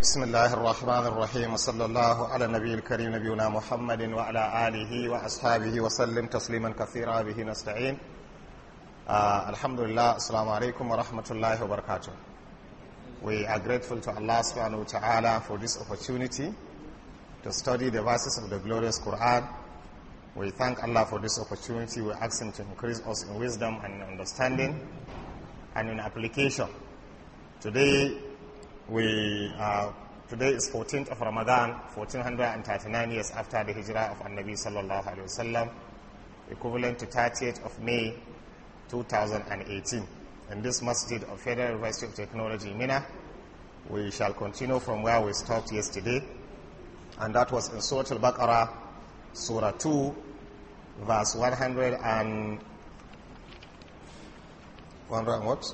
بسم الله الرحمن الرحيم وصلى الله على النبي الكريم نبينا محمد وعلى آله وأصحابه وسلم تسليما كثيرا به نستعين uh, wa rahmatullahi wa barakatuh We are grateful to Allah subhanahu wa ta'ala for this opportunity to study the verses of the glorious Quran We thank Allah for this opportunity We ask Him to increase us in wisdom and understanding and in application Today We uh, today is 14th of Ramadan, 1439 years after the Hijrah of An-Nabi sallallahu alaihi wasallam, equivalent to 30th of May 2018. In this masjid of Federal University of Technology, Mina, we shall continue from where we stopped yesterday, and that was in Surah Al-Baqarah, Surah 2, verse 100 and 100 what?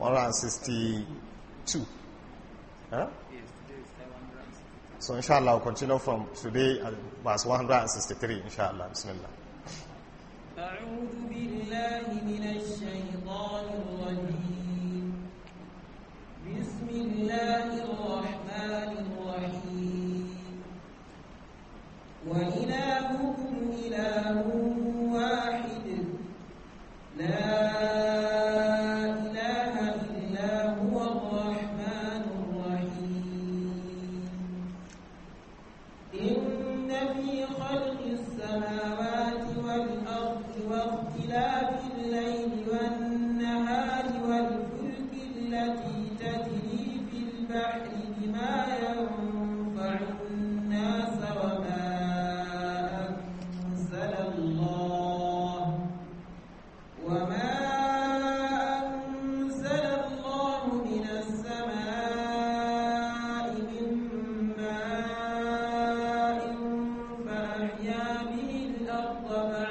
162. Huh? So inshallah we'll continue from today at verse 163 inshallah. Bismillah. أعوذ بالله من الشيطان الرجيم بسم الله الرحمن الرحيم وإلهكم إله واحد لا وما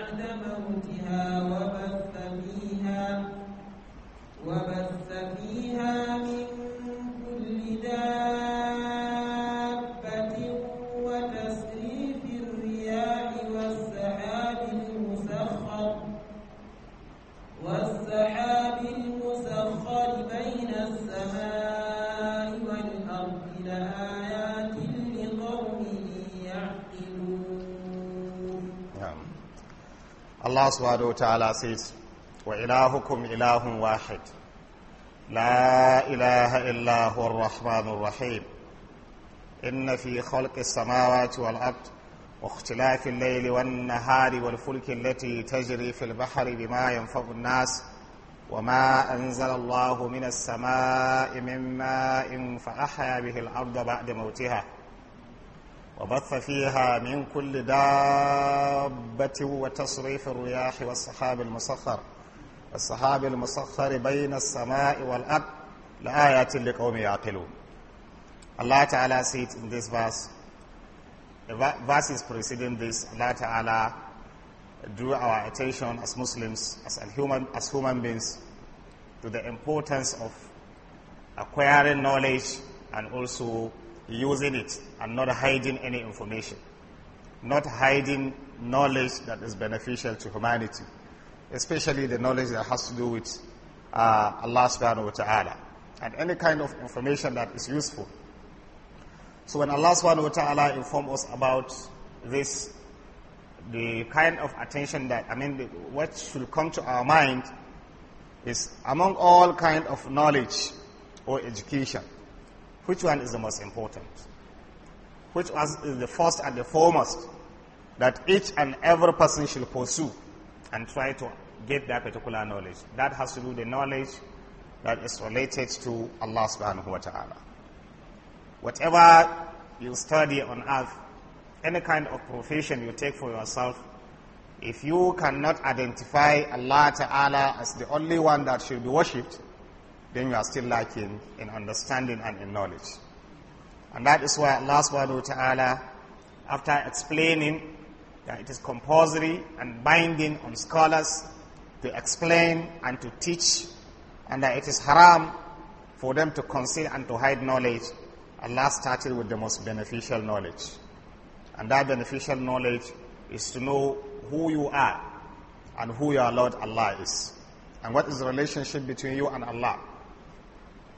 Allah subhanahu wa ta'ala says, Wa ilahukum ilahun wahid. La ilaha illa huwa ar-Rahman ar rahim. fi إن في خلق السماوات والأرض واختلاف الليل والنهار والفلك التي تجري في البحر بما ينفع الناس وما أنزل الله من السماء من ماء فأحيا به الأرض بعد موتها وبث فيها من كل دابة وتصريف الرياح والسحاب المسخر السحاب المسخر بين السماء والأرض لآيات لقوم يعقلون Allah Ta'ala said in this verse, the verses preceding this, Allah Ta'ala drew our attention as Muslims, as human, as human beings, to the importance of acquiring knowledge and also using it and not hiding any information, not hiding knowledge that is beneficial to humanity, especially the knowledge that has to do with uh, Allah subhanahu wa ta'ala, and any kind of information that is useful. So when Allah subhanahu wa ta'ala informed us about this, the kind of attention that, I mean, what should come to our mind is among all kind of knowledge or education, which one is the most important? Which one is the first and the foremost that each and every person should pursue and try to get that particular knowledge? That has to do with the knowledge that is related to Allah subhanahu wa ta'ala. Whatever you study on earth, any kind of profession you take for yourself, if you cannot identify Allah Ta'ala as the only one that should be worshipped, then you are still lacking in understanding and in knowledge. And that is why Allah subhanahu wa ta'ala, after explaining that it is compulsory and binding on scholars to explain and to teach, and that it is haram for them to conceal and to hide knowledge, Allah started with the most beneficial knowledge. And that beneficial knowledge is to know who you are and who your Lord Allah is. And what is the relationship between you and Allah.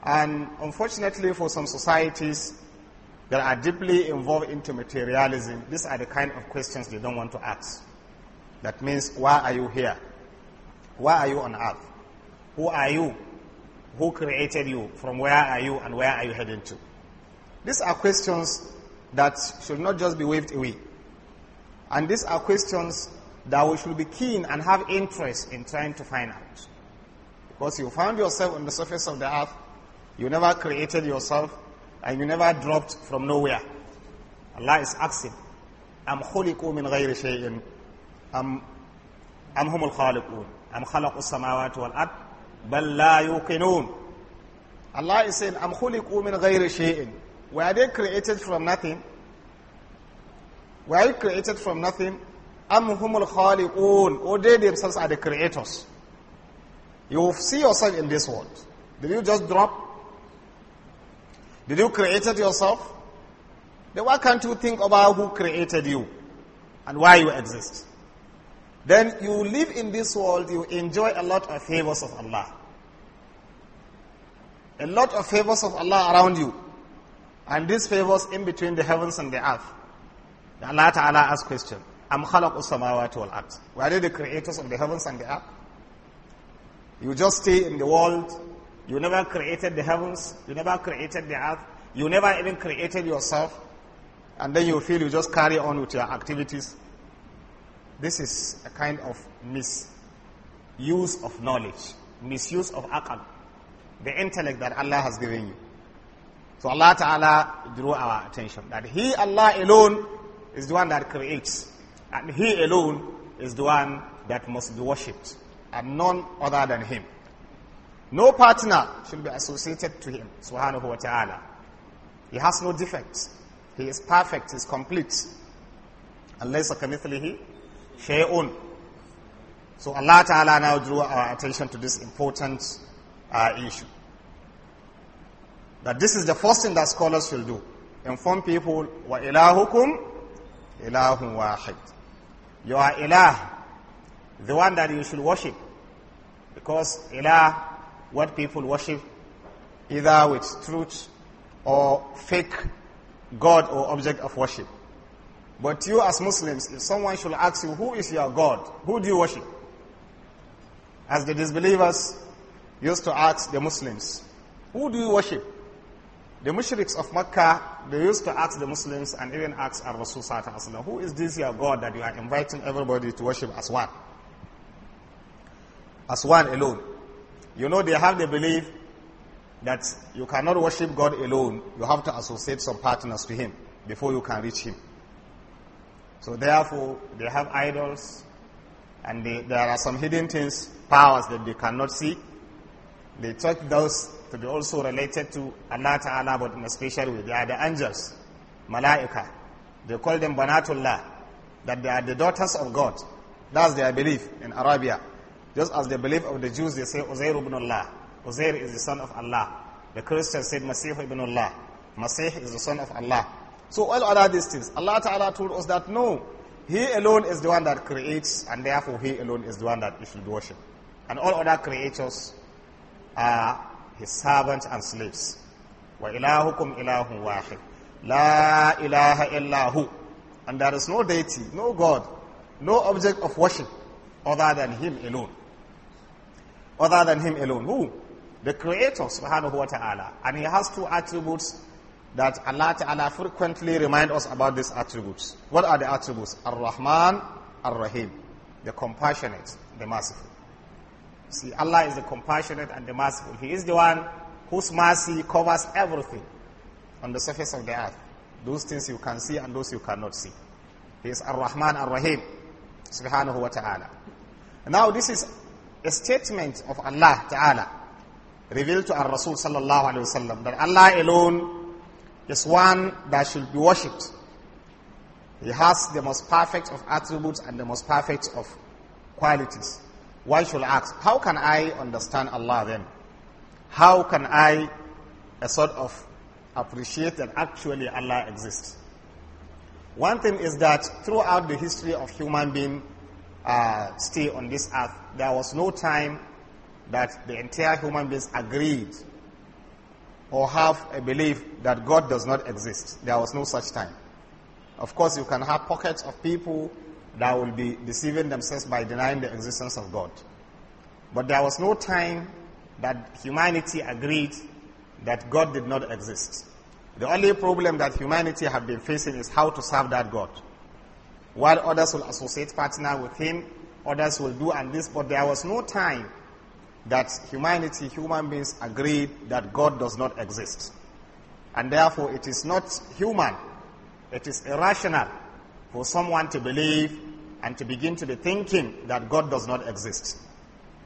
And unfortunately for some societies that are deeply involved into materialism, these are the kind of questions they don't want to ask. That means, why are you here? Why are you on earth? Who are you? Who created you? From where are you and where are you heading to? These are questions that should not just be waved away. And these are questions that we should be keen and have interest in trying to find out. Because you found yourself on the surface of the earth, you never created yourself and you never dropped from nowhere. Allah is asking, أم خلقوا من غير شيء I'm هم الخالقون أم خلقوا السماوات والأرض بل لا يوقنون Allah is saying أم خلقوا من غير شيء Were they created from nothing? Were you created from nothing? I'm هم الخالقون Or they themselves are the creators. You see yourself in this world. Did you just drop did you create it yourself? Then why can't you think about who created you and why you exist? Then you live in this world, you enjoy a lot of favors of Allah. A lot of favors of Allah around you. And these favors in between the heavens and the earth. Allah Ta'ala asks question. Am khalaq samawati wal Were they the creators of the heavens and the earth? You just stay in the world you never created the heavens. You never created the earth. You never even created yourself. And then you feel you just carry on with your activities. This is a kind of misuse of knowledge, misuse of akal, the intellect that Allah has given you. So Allah Ta'ala drew our attention that He, Allah alone, is the one that creates. And He alone is the one that must be worshipped. And none other than Him. No partner should be associated to him, subhanahu wa ta'ala. He has no defects. He is perfect, he is complete. Unless kamithlihi shay'un. So Allah Ta'ala now drew our attention to this important uh, issue. That this is the first thing that scholars will do. Inform people, wa ilahukum ilahun wahid. are ilah, the one that you should worship. Because ilah what people worship, either with truth or fake God or object of worship. But you as Muslims, if someone should ask you, who is your God? Who do you worship? As the disbelievers used to ask the Muslims, who do you worship? The mushriks of Mecca, they used to ask the Muslims and even ask our Rasul Sallallahu who is this your God that you are inviting everybody to worship as one? As one alone. You know, they have the belief that you cannot worship God alone. You have to associate some partners to Him before you can reach Him. So therefore, they have idols, and they, there are some hidden things, powers that they cannot see. They take those to be also related to Allah Ta'ala, but in a special way. They are the angels, malaika. They call them Banatullah, that they are the daughters of God. That's their belief in Arabia. Just as the belief of the Jews, they say Uzair ibn Allah. Uzair is the son of Allah. The Christians said Masih ibn Allah. Masih is the son of Allah. So all other these things, Allah Ta'ala told us that no, He alone is the one that creates and therefore He alone is the one that we should worship. And all other creatures are His servants and slaves. وَإِلَهُكُمْ إِلَهٌ وَاحِدٌ لَا إِلَهَ إِلَّا And there is no deity, no God, no object of worship other than Him alone other than Him alone. Who? The Creator, subhanahu wa ta'ala. And He has two attributes that Allah ta'ala frequently remind us about these attributes. What are the attributes? Ar-Rahman, Ar-Rahim. The compassionate, the merciful. See, Allah is the compassionate and the merciful. He is the one whose mercy covers everything on the surface of the earth. Those things you can see and those you cannot see. He is Ar-Rahman, Ar-Rahim. Subhanahu wa ta'ala. Now this is a statement of Allah Ta'ala revealed to our Rasul Sallallahu Alaihi Wasallam that Allah alone is one that should be worshipped. He has the most perfect of attributes and the most perfect of qualities. Why should I ask, how can I understand Allah then? How can I a sort of appreciate that actually Allah exists? One thing is that throughout the history of human being, uh, stay on this earth, there was no time that the entire human beings agreed or have a belief that God does not exist. There was no such time. Of course, you can have pockets of people that will be deceiving themselves by denying the existence of God. But there was no time that humanity agreed that God did not exist. The only problem that humanity have been facing is how to serve that God. While others will associate partner with him, others will do and this, but there was no time that humanity, human beings agreed that God does not exist. And therefore it is not human, it is irrational for someone to believe and to begin to be thinking that God does not exist.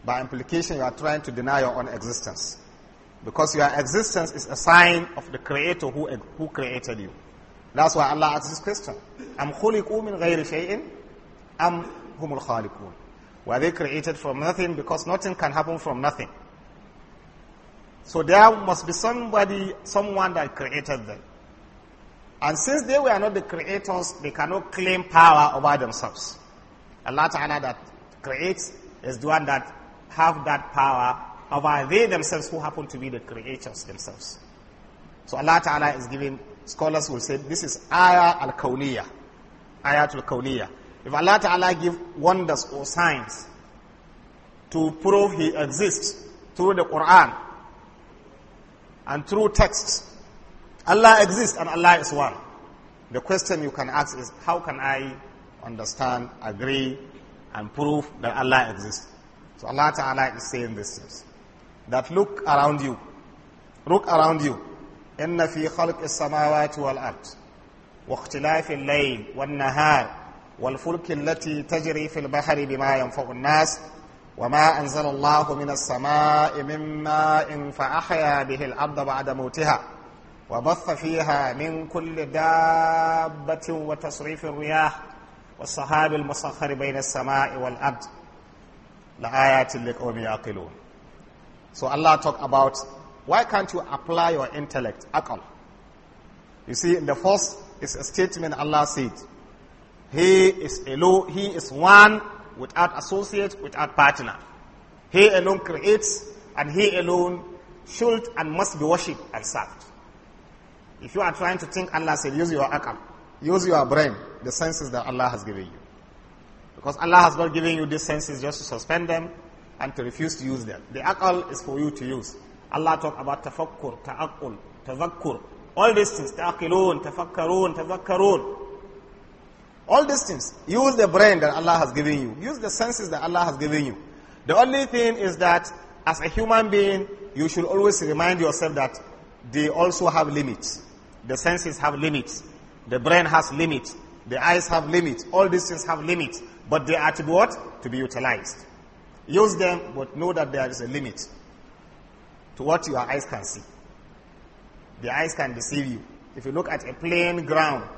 By implication, you are trying to deny your own existence. Because your existence is a sign of the creator who, who created you. That's why Allah asked this question. Am khuliqu min ghayri shay'in? Am humul khaliqun? Were they created from nothing? Because nothing can happen from nothing. So there must be somebody, someone that created them. And since they were not the creators, they cannot claim power over themselves. Allah Ta'ala that creates is the one that have that power over they themselves who happen to be the creators themselves. So Allah Ta'ala is giving Scholars will say this is ayah al-kawliya. al kawliya. If Allah Ta'ala give wonders or signs to prove He exists through the Quran and through texts, Allah exists and Allah is one. The question you can ask is, how can I understand, agree, and prove that Allah exists? So Allah Ta'ala is saying this. That look around you. Look around you. inna fi khalqis samawati wal'ad ard wa ikhtilafil wan nahar wal fulki allati tajri fil bima yanfa'u an wa ma anzala Allahu minas samai mimma in fa ahya bihi ba'da mawtiha wa batha fiha min kulle dabbatin wa tasrifin riyah wa sahabil musakhkhar bayna as-samai wal ard la so allah talk about Why can't you apply your intellect, akal? You see, in the first is a statement Allah said, He is alone, He is one without associate, without partner. He alone creates and He alone should and must be worshipped and served. If you are trying to think Allah said, use your akal, use your brain, the senses that Allah has given you. Because Allah has not given you these senses just to suspend them and to refuse to use them. The akal is for you to use. Allah talked about tafakkur, ta'akul, tafakkur. All these things, ta'akilun, tafakkarun, tafakkarun. All these things. Use the brain that Allah has given you. Use the senses that Allah has given you. The only thing is that as a human being, you should always remind yourself that they also have limits. The senses have limits. The brain has limits. The eyes have limits. All these things have limits. But they are to be what? To be utilized. Use them, but know that there is a limit to what your eyes can see. The eyes can deceive you. If you look at a plain ground,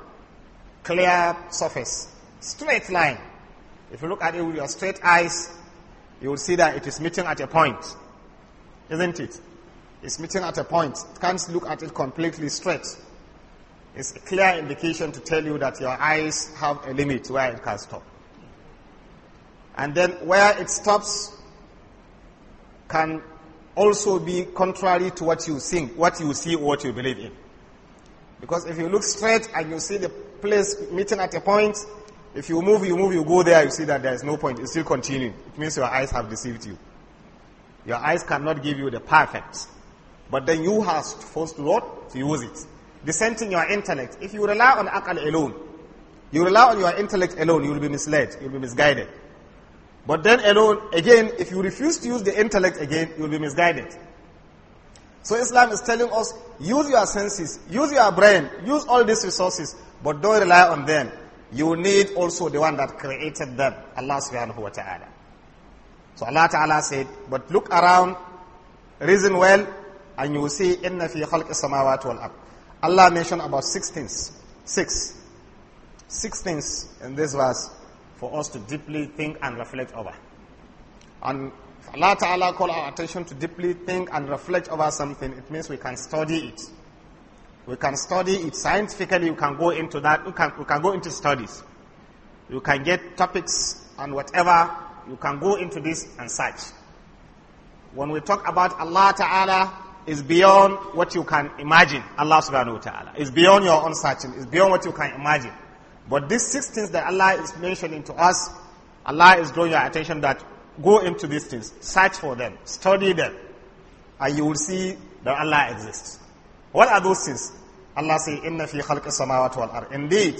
clear surface, straight line, if you look at it with your straight eyes, you will see that it is meeting at a point. Isn't it? It's meeting at a point. can't look at it completely straight. It's a clear indication to tell you that your eyes have a limit where it can stop. And then where it stops can also be contrary to what you think, what you see, what you believe in. Because if you look straight and you see the place meeting at a point, if you move, you move, you go there, you see that there is no point. You still continue. It means your eyes have deceived you. Your eyes cannot give you the perfect. But then you have forced to what? To use it. The same thing your intellect. If you rely on akal alone, you rely on your intellect alone, you will be misled, you will be misguided. But then alone, again, if you refuse to use the intellect again, you'll be misguided. So Islam is telling us, use your senses, use your brain, use all these resources, but don't rely on them. You need also the one that created them, Allah subhanahu wa ta'ala. So Allah ta'ala said, but look around, reason well, and you will see, Allah mentioned about six things. Six. Six things in this verse for us to deeply think and reflect over. And Allah Ta'ala call our attention to deeply think and reflect over something, it means we can study it. We can study it scientifically, We can go into that, We can, we can go into studies. You can get topics and whatever, you can go into this and search. When we talk about Allah Ta'ala, is beyond what you can imagine. Allah subhanahu wa ta'ala. It's beyond your own searching. It's beyond what you can imagine. But these six things that Allah is mentioning to us, Allah is drawing your attention that go into these things, search for them, study them, and you will see that Allah exists. What are those things? Allah says, Inna fi Indeed,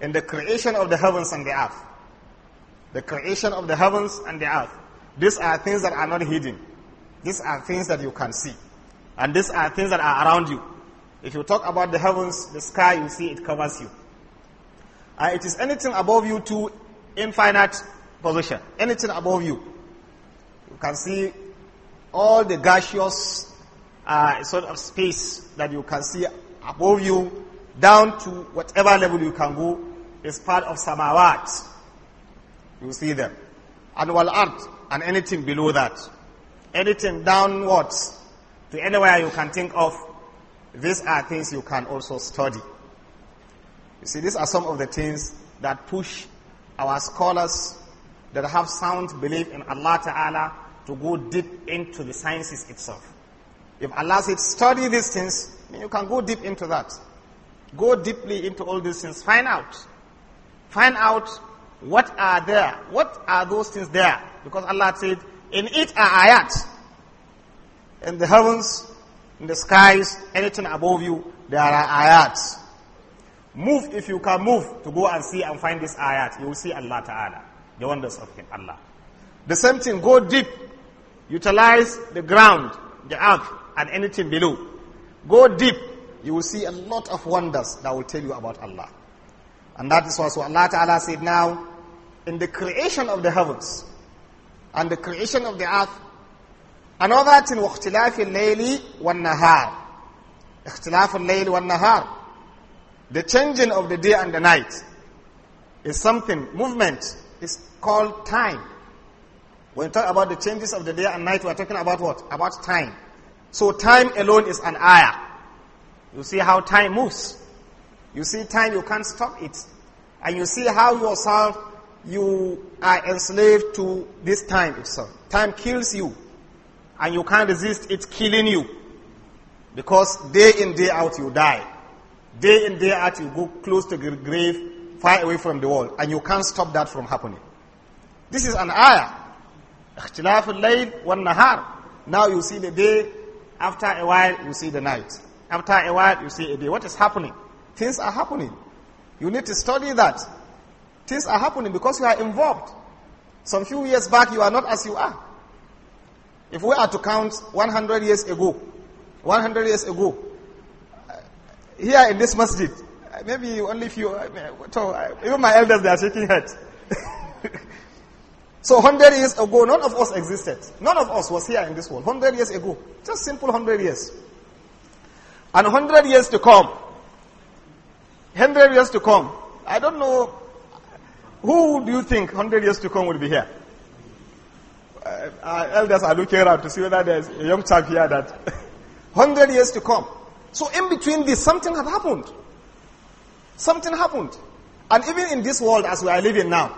in the creation of the heavens and the earth, the creation of the heavens and the earth, these are things that are not hidden. These are things that you can see. And these are things that are around you. If you talk about the heavens, the sky, you see it covers you. Uh, it is anything above you to infinite position. Anything above you. You can see all the gaseous uh, sort of space that you can see above you down to whatever level you can go is part of samawat. You see them. And wal art and anything below that. Anything downwards to anywhere you can think of. These are things you can also study. You see, these are some of the things that push our scholars that have sound belief in Allah Ta'ala to go deep into the sciences itself. If Allah said, study these things, you can go deep into that. Go deeply into all these things. Find out. Find out what are there. What are those things there? Because Allah said, in it are ayat. In the heavens, in the skies, anything above you, there are ayats. Move if you can move to go and see and find this ayat. You will see Allah Ta'ala, the wonders of Him, Allah. The same thing, go deep. Utilize the ground, the earth, and anything below. Go deep. You will see a lot of wonders that will tell you about Allah. And that is also Allah Ta'ala said now, in the creation of the heavens and the creation of the earth, another thing, اختلاف اللَّيْلِ وَالنَّهَارِ اختلاف الليل والنهار the changing of the day and the night is something, movement is called time. When we talk about the changes of the day and night, we are talking about what? About time. So time alone is an ayah. You see how time moves. You see time, you can't stop it. And you see how yourself, you are enslaved to this time itself. Time kills you. And you can't resist it killing you. Because day in, day out, you die. Day in, day out, you go close to the grave, far away from the world, and you can't stop that from happening. This is an ayah. اختلاف Now you see the day, after a while you see the night. After a while you see a day. What is happening? Things are happening. You need to study that. Things are happening because you are involved. Some few years back you are not as you are. If we are to count 100 years ago, 100 years ago, here in this masjid, maybe only few, uh, uh, even my elders, they are shaking heads. so 100 years ago, none of us existed. None of us was here in this world. 100 years ago. Just simple 100 years. And 100 years to come. 100 years to come. I don't know. Who do you think 100 years to come will be here? Uh, our elders are looking around to see whether there's a young chap here that 100 years to come. So in between this, something had happened. Something happened. And even in this world as we are living now,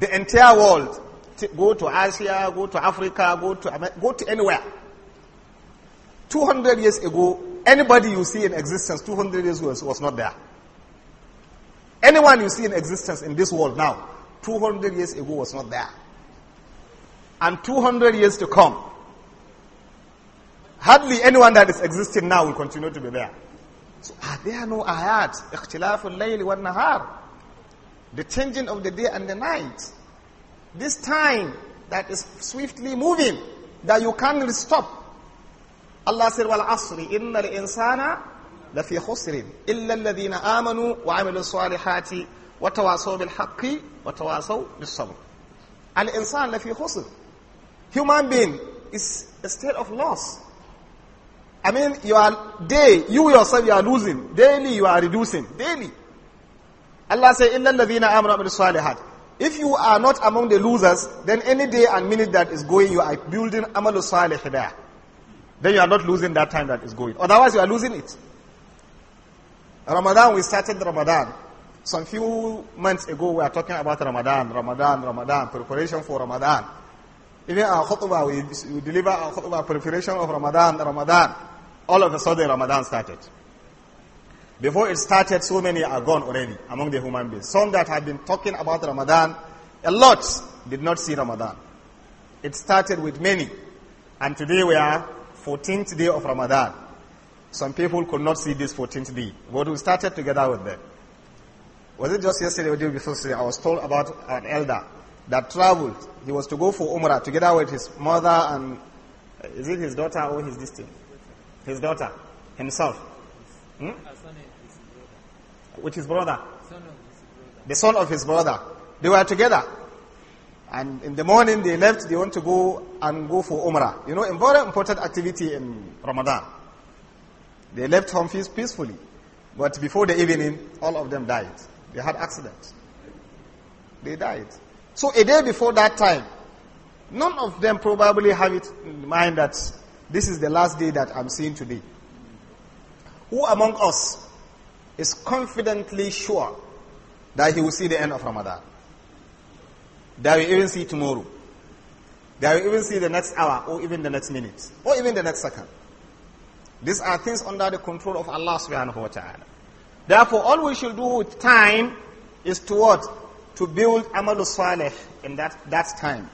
the entire world, go to Asia, go to Africa, go to, America, go to anywhere. 200 years ago, anybody you see in existence 200 years ago was not there. Anyone you see in existence in this world now, 200 years ago was not there. And 200 years to come, Hardly anyone that is existing now will continue to be there. So are there no ayat? Ikhtilaful layl wa nahar. The changing of the day and the night. This time that is swiftly moving, that you can't stop. Allah said, wal asri, inna al wa لفي خسر إلا الذين آمنوا وعملوا الصالحات وتواصوا بالحق وتواصوا بالصبر الإنسان لفي خسر human being is a state of loss I mean, you are day, you yourself, you are losing. Daily, you are reducing. Daily. Allah says, إِلَّا الَّذِينَ آمَنُوا بِالصَّالِحَاتِ If you are not among the losers, then any day and minute that is going, you are building amalu salih there. Then you are not losing that time that is going. Otherwise, you are losing it. Ramadan, we started Ramadan. Some few months ago, we are talking about Ramadan, Ramadan, Ramadan, preparation for Ramadan. Even our khutbah, we, we deliver our khutbah, preparation of Ramadan, Ramadan. All of a sudden, Ramadan started. Before it started, so many are gone already among the human beings. Some that have been talking about Ramadan a lot did not see Ramadan. It started with many. And today we are 14th day of Ramadan. Some people could not see this 14th day, but we started together with them. Was it just yesterday or the day before today? I was told about an elder that traveled. He was to go for Umrah together with his mother and uh, is it his daughter or his distant? His daughter. Himself. Hmm? Which is brother? The son of his brother. They were together. And in the morning they left, they want to go and go for Umrah. You know, a very important activity in Ramadan. They left home peacefully. But before the evening, all of them died. They had accident. They died. So a day before that time, none of them probably have it in mind that this is the last day that I'm seeing today. Who among us is confidently sure that he will see the end of Ramadan? That we even see tomorrow. That we even see the next hour or even the next minute or even the next second. These are things under the control of Allah subhanahu wa ta'ala. Therefore, all we should do with time is to what? To build amal salih in that, that time.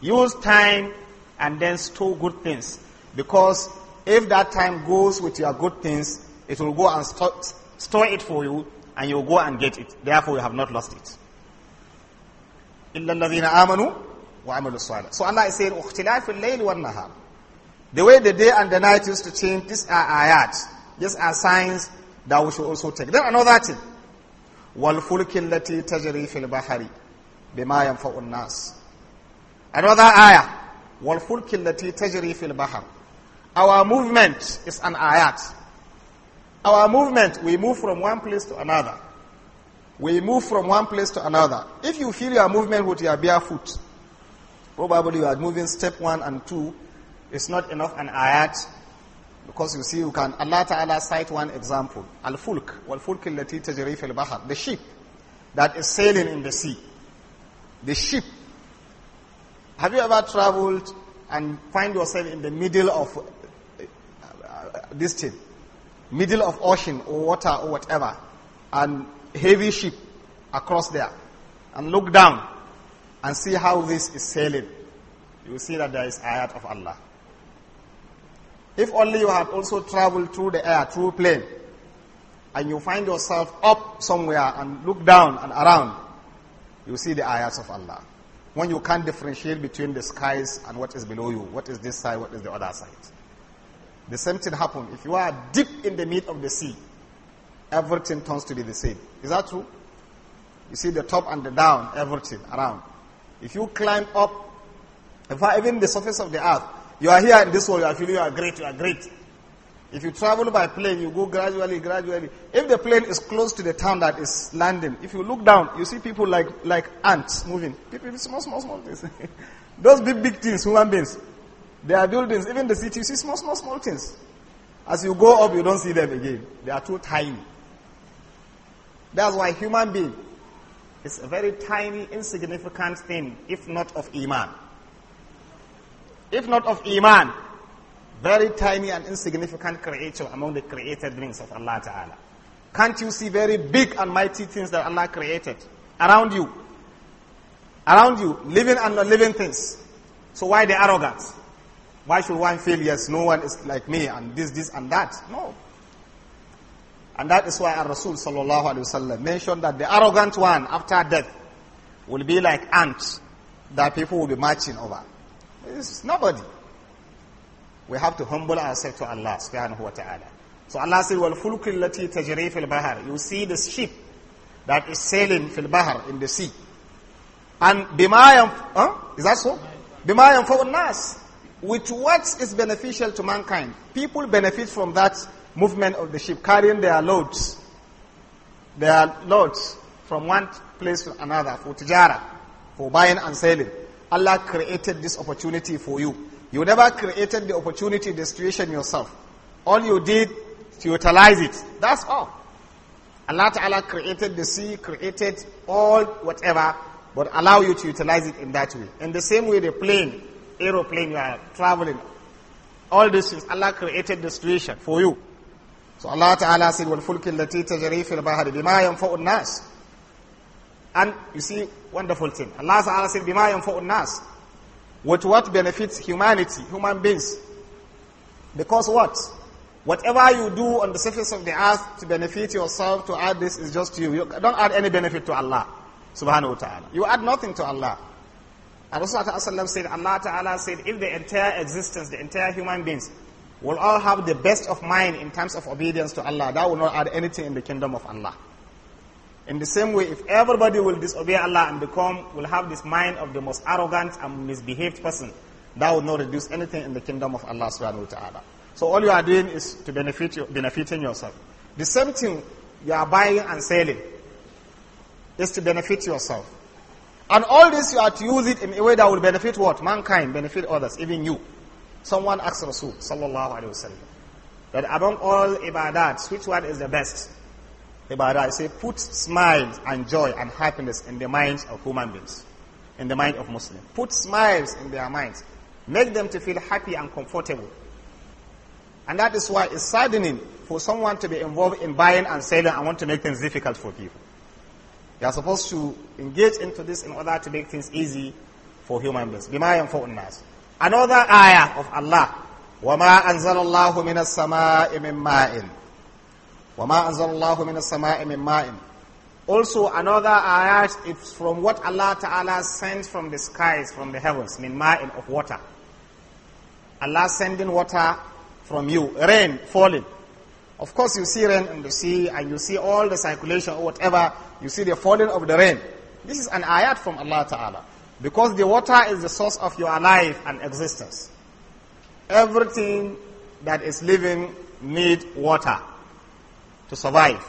Use time and then store good things. Because if that time goes with your good things, it will go and store it for you, and you will go and get it. Therefore, you have not lost it. So Allah is saying, The way the day and the night used to change, these are ayat. These are signs that we should also take. Then another thing. وَالْفُلْكِ الَّتِي تَجْرِي فِي الْبَحَرِ بِمَا يَنْفَعُ النَّاسِ Another ayah. وَالْفُلْكِ الَّتِي تَجْرِي فِي الْبَحَرِ our movement is an ayat. Our movement, we move from one place to another. We move from one place to another. If you feel your movement with your bare foot, probably you are moving step one and two. It's not enough an ayat because you see, you can, Allah Ta'ala cite one example. Al-Fulk, wal-fulk allati tajri fil bahar. The ship that is sailing in the sea. The ship. Have you ever traveled and find yourself in the middle of this thing, middle of ocean or water or whatever, and heavy ship across there, and look down and see how this is sailing, you will see that there is ayat of Allah. If only you had also traveled through the air, through plane, and you find yourself up somewhere and look down and around, you see the ayats of Allah. When you can't differentiate between the skies and what is below you, what is this side, what is the other side. The same thing happens. If you are deep in the mid of the sea, everything turns to be the same. Is that true? You see the top and the down, everything around. If you climb up, even the surface of the earth, you are here in this world, you are feeling you are great, you are great. If you travel by plane, you go gradually, gradually. If the plane is close to the town that is landing, if you look down, you see people like, like ants moving. People, small, small, small things. Those big, big things, human beings. There are buildings, even the city, you see small, small, small things. As you go up, you don't see them again. They are too tiny. That's why human being is a very tiny, insignificant thing, if not of Iman. If not of Iman, very tiny and insignificant creature among the created beings of Allah Ta'ala. Can't you see very big and mighty things that Allah created around you? Around you, living and non-living things. So why the arrogance? Why should one feel, yes, no one is like me and this, this, and that? No. And that is why Al Rasul sallallahu alayhi mentioned that the arrogant one after death will be like ants that people will be marching over. It's nobody. We have to humble ourselves to Allah subhanahu wa ta'ala. So Allah said, Wal fulkillati tajri fil bahar. You see the ship that is sailing fil bahar in the sea. And bimayam, huh? is that so? Bimayam fa'un nas with what is beneficial to mankind. People benefit from that movement of the ship, carrying their loads, their loads from one place to another for tijara, for buying and selling. Allah created this opportunity for you. You never created the opportunity, the situation yourself. All you did to utilize it. That's all. Allah Ta'ala created the sea, created all whatever, but allow you to utilize it in that way. In the same way, the plane aeroplane you are traveling. All these things, Allah created the situation for you. So Allah Ta'ala said, وَالْفُلْكِ الَّتِي تَجْرِي فِي الْبَحْرِ بِمَا يَنْفَعُ النَّاسِ And you see, wonderful thing. Allah Ta'ala said, بِمَا يَنْفَعُ النَّاسِ With what benefits humanity, human beings. Because what? Whatever you do on the surface of the earth to benefit yourself, to add this, is just you. You don't add any benefit to Allah subhanahu wa ta'ala. You add nothing to Allah. And Rasulullah said, Allah Ta'ala said, if the entire existence, the entire human beings, will all have the best of mind in terms of obedience to Allah, that will not add anything in the kingdom of Allah. In the same way, if everybody will disobey Allah and become, will have this mind of the most arrogant and misbehaved person, that will not reduce anything in the kingdom of Allah subhanahu wa ta'ala. So all you are doing is to benefit you, benefiting yourself. The same thing you are buying and selling is to benefit yourself. And all this you are to use it in a way that will benefit what? Mankind, benefit others, even you. Someone asked Rasul sallallahu alayhi wasallam that among all ibadats, which one is the best? Ibadah, I say, put smiles and joy and happiness in the minds of human beings, in the mind of Muslims. Put smiles in their minds. Make them to feel happy and comfortable. And that is why it's saddening for someone to be involved in buying and selling and want to make things difficult for people. You are supposed to engage into this in order to make things easy for human beings. بِمَا يَنْفَعُ النَّاسِ Another ayah of Allah. وَمَا أَنزَلَ اللَّهُ مِنَ السَّمَاءِ مِن مَاءٍ وَمَا أَنزَلَ اللَّهُ مِنَ السَّمَاءِ مِن مَاءٍ Also another ayah is from what Allah Ta'ala sends from the skies, from the heavens, min ma'in of water. Allah sending water from you, rain falling. Of course, you see rain in the sea and you see all the circulation or whatever. You see the falling of the rain. This is an ayat from Allah Ta'ala. Because the water is the source of your life and existence. Everything that is living need water to survive.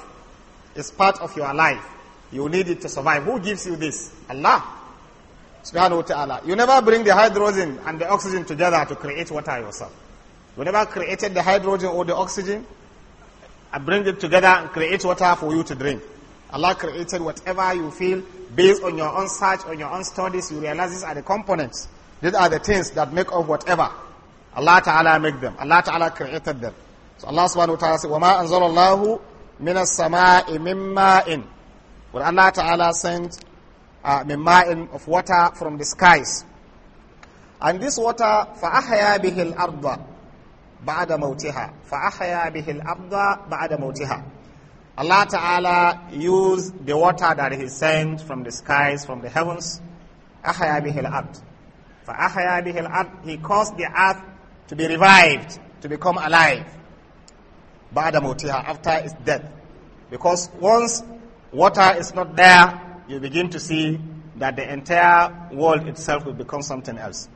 It's part of your life. You need it to survive. Who gives you this? Allah. Subhanahu wa ta'ala. You never bring the hydrogen and the oxygen together to create water yourself. You never created the hydrogen or the oxygen I bring it together and create water for you to drink. Allah created whatever you feel based on your own search, on your own studies, you realize these are the components. These are the things that make up whatever. Allah Ta'ala make them. Allah Ta'ala created them. So Allah subhanahu wa ta'ala said, وَمَا أَنزَلَ اللَّهُ مِنَ السَّمَاءِ مِن When Allah Ta'ala sent uh, مِن of water from the skies. And this water, فَأَحْيَا بِهِ الْأَرْضَ بعد موتها فأحيا به الأرض بعد موتها Allah Ta'ala used the water that He sent from the skies, from the heavens, أحيا به الأرض فأحيا به الأرض He caused the earth to be revived, to become alive بعد موتها after its death because once water is not there, you begin to see that the entire world itself will become something else.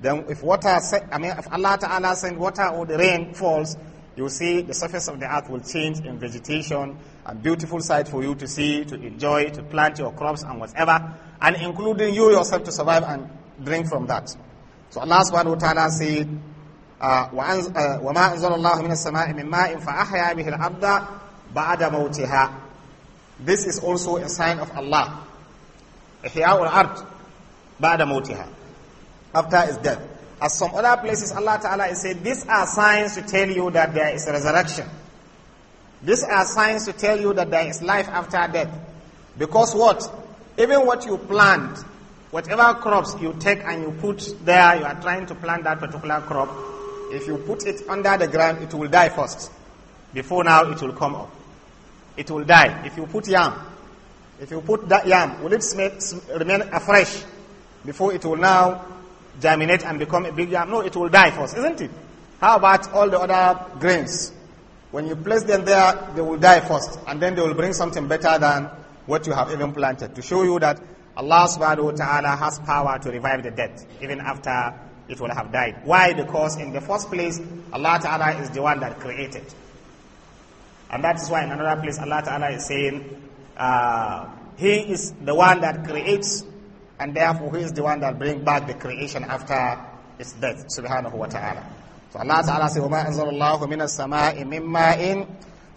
Then if water, I mean, if Allah Ta'ala sends water or the rain falls, you see the surface of the earth will change in vegetation, a beautiful sight for you to see, to enjoy, to plant your crops and whatever, and including you yourself to survive and drink from that. So Allah subhanahu wa ta'ala said, وَمَا أَنزَلَ اللَّهُ مِنَ السَّمَاءِ مِنْ مَاءٍ فَأَحْيَا بِهِ الْأَرْضَ بَعْدَ مَوْتِهَا This is also a sign of Allah. إِحْيَاءُ الْأَرْضِ بَعْدَ مَوْتِهَا after his death. As some other places, Allah Ta'ala is saying, these are signs to tell you that there is resurrection. These are signs to tell you that there is life after death. Because what? Even what you plant, whatever crops you take and you put there, you are trying to plant that particular crop, if you put it under the ground, it will die first. Before now, it will come up. It will die. If you put yam, if you put that yam, will it remain afresh before it will now germinate and become a big yam. No, it will die first, isn't it? How about all the other grains? When you place them there, they will die first, and then they will bring something better than what you have even planted to show you that Allah subhanahu wa ta'ala has power to revive the dead even after it will have died. Why? Because in the first place, Allah ta'ala is the one that created. And that is why in another place Allah Ta'ala is saying, uh, He is the one that creates and therefore, He is the one that brings back the creation after its death, subhanahu wa ta'ala. So Allah ta'ala says, وَمَا أَنزَلَ اللَّهُ مِنَ السَّمَاءِ مِنْ مَاءٍ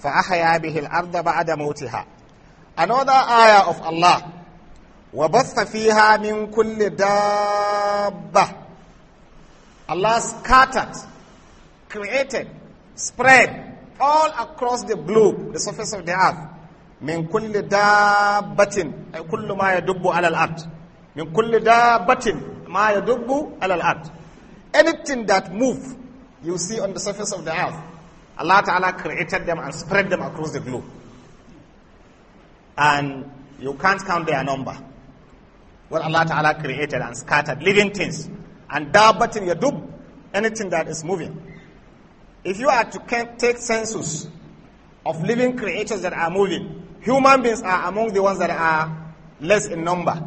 فَأَحْيَا بِهِ الْأَرْضَ بَعْدَ مَوْتِهَا Another ayah of Allah, وَبَثَّ فِيهَا مِنْ كُلِّ دَابَّةٍ Allah scattered, created, spread all across the globe, the surface of the earth. من كل دابة أي كل ما يدب على الأرض min kulli dabbatin ma yadubbu alal ard anything that move you see on the surface of the earth allah ta'ala created them and spread them across the globe and you can't count their number what allah ta'ala created and scattered living things and dabbatin yadub anything that is moving if you are to take census of living creatures that are moving human beings are among the ones that are less in number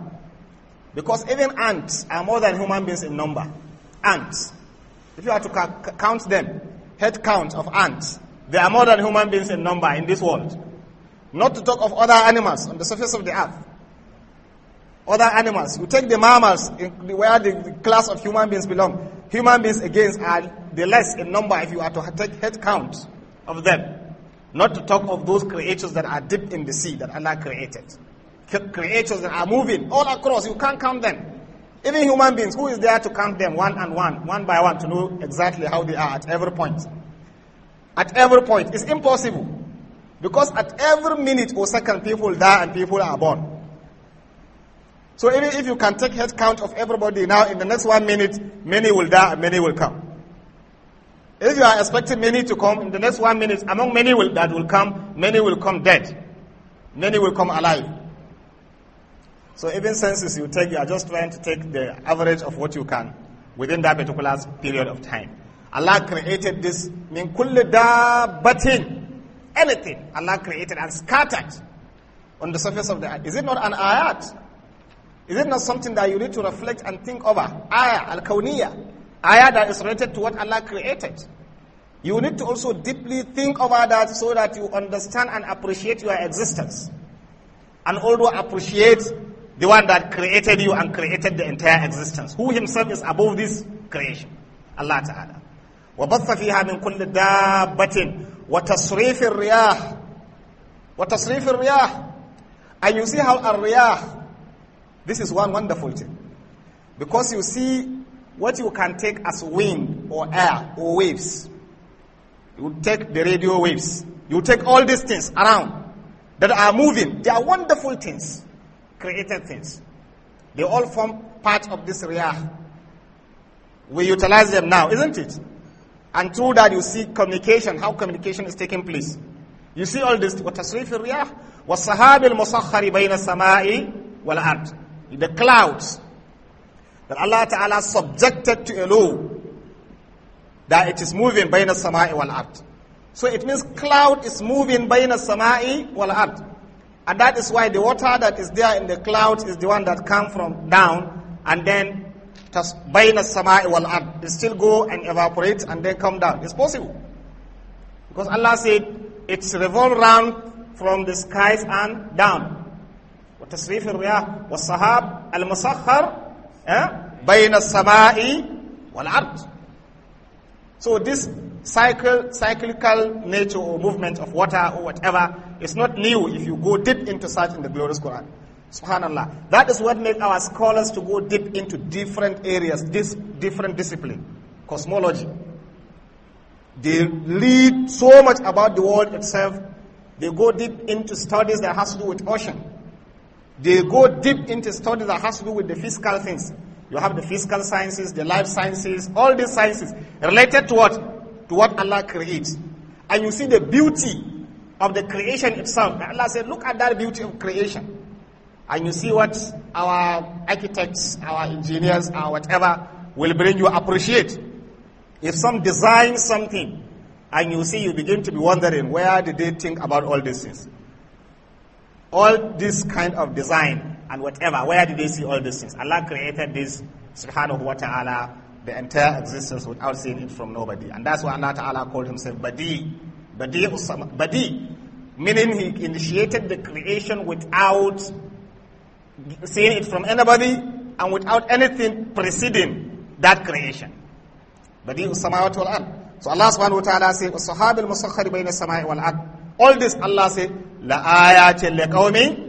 because even ants are more than human beings in number. Ants. If you are to ca count them, head count of ants, they are more than human beings in number in this world. Not to talk of other animals on the surface of the earth. Other animals. You take the mammals, where the, the class of human beings belong. Human beings, again, are the less in number if you are to take head count of them. Not to talk of those creatures that are deep in the sea that Allah created creators that are moving all across. You can't count them. Even human beings, who is there to count them one and one, one by one, to know exactly how they are at every point? At every point. It's impossible. Because at every minute or second, people die and people are born. So even if you can take head count of everybody now, in the next one minute, many will die and many will come. If you are expecting many to come, in the next one minute, among many will, that will come, many will come dead. Many will come alive. So even census you take, you are just trying to take the average of what you can within that particular period of time. Allah created this min kulli dabbatin, anything Allah created and scattered on the surface of the earth. Is it not an ayat? Is it not something that you need to reflect and think over? Ayah, al-kawniyah, ayah that is related to what Allah created. You need to also deeply think over that so that you understand and appreciate your existence. And also appreciate the one that created you and created the entire existence, who himself is above this creation, Allah Ta'ala. وبث فيها من كل دابة وتصريف الرياح وتصريف الرياح and you see how الرياح this is one wonderful thing because you see what you can take as wind or air or waves you take the radio waves you take all these things around that are moving they are wonderful things created things. They all form part of this riyah. We utilize them now, isn't it? And through that you see communication, how communication is taking place. You see all this, was sahabil وَالصَّحَابِ الْمُصَخَّرِ بَيْنَ السَّمَاءِ وَالْأَرْضِ The clouds that Allah Ta'ala subjected to a law that it is moving بَيْنَ السَّمَاءِ وَالْأَرْضِ So it means cloud is moving samai wal وَالْأَرْضِ and that is why the water that is there in the clouds is the one that come from down and then by sama'i wal ard. It still go and evaporate and then come down. It's possible. Because Allah said it's revolved round from the skies and down. وتصريف الرياح والسحاب المسخر بين السماء والأرض. So this cycle, cyclical nature or movement of water or whatever it's not new if you go deep into such in the glorious Quran. Subhanallah. That is what makes our scholars to go deep into different areas, this different discipline, cosmology. They read so much about the world itself. They go deep into studies that has to do with ocean. They go deep into studies that has to do with the physical things. You have the physical sciences, the life sciences, all these sciences related to what? To what Allah creates. And you see the beauty of the creation itself. Allah said, look at that beauty of creation. And you see what our architects, our engineers, our whatever will bring you appreciate. If some design something and you see you begin to be wondering where did they think about all these things? All this kind of design and whatever, where did they see all these things? Allah created this subhanahu wa ta'ala the entire existence without seeing it from nobody. And that's why Allah Ta'ala called himself Badi, Badi, al Usama, Badi meaning he initiated the creation without seeing it from anybody and without anything preceding that creation. Badi samawati wal ard. So Allah subhanahu wa ta'ala says, "Sahab al musakhir bayna samai wal ard." All this Allah says, "La ayatin liqaumin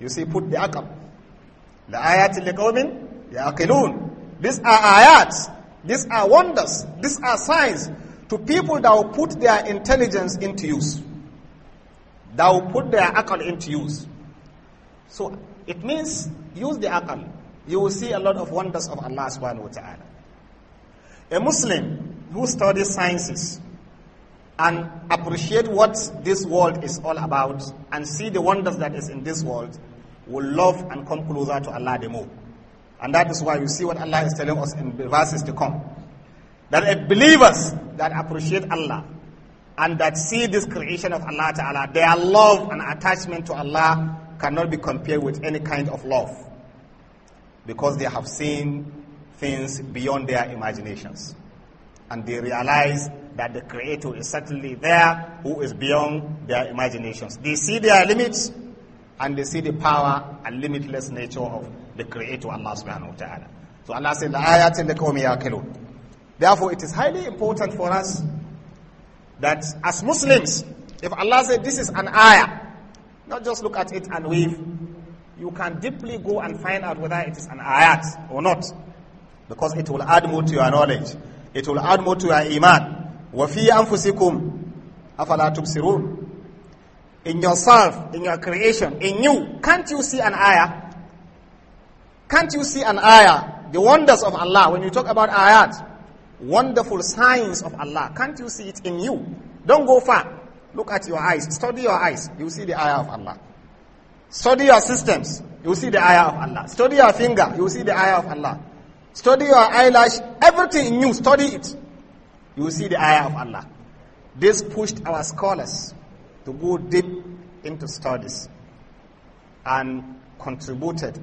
You see, put the akam. La ayatin liqaumin These are ayats. These are wonders. These are signs to people that will put their intelligence into use, that will put their akal into use. So it means use the akal. You will see a lot of wonders of Allah subhanahu wa ta'ala. A Muslim who studies sciences and appreciate what this world is all about and see the wonders that is in this world will love and come closer to Allah the more. And that is why you see what Allah is telling us in the verses to come. That believers that appreciate Allah and that see this creation of Allah Ta'ala, their love and attachment to Allah cannot be compared with any kind of love because they have seen things beyond their imaginations. And they realize that the Creator is certainly there who is beyond their imaginations. They see their limits and they see the power and limitless nature of the Creator Allah subhanahu wa ta'ala. So Allah said, Therefore, it is highly important for us that as Muslims, if Allah said this is an ayah, not just look at it and wave. You can deeply go and find out whether it is an ayat or not. Because it will add more to your knowledge. It will add more to your iman. وَفِي أَنفُسِكُمْ أَفَلَا تُبْصِرُونَ In yourself, in your creation, in you, can't you see an ayah? Can't you see an ayah? The wonders of Allah, when you talk about ayat, wonderful signs of Allah. Can't you see it in you? Don't go far. Look at your eyes. Study your eyes. You will see the eye of Allah. Study your systems. You will see the eye of Allah. Study your finger. You will see the eye of Allah. Study your eyelash. Everything in you, study it. You will see the eye of Allah. This pushed our scholars to go deep into studies and contributed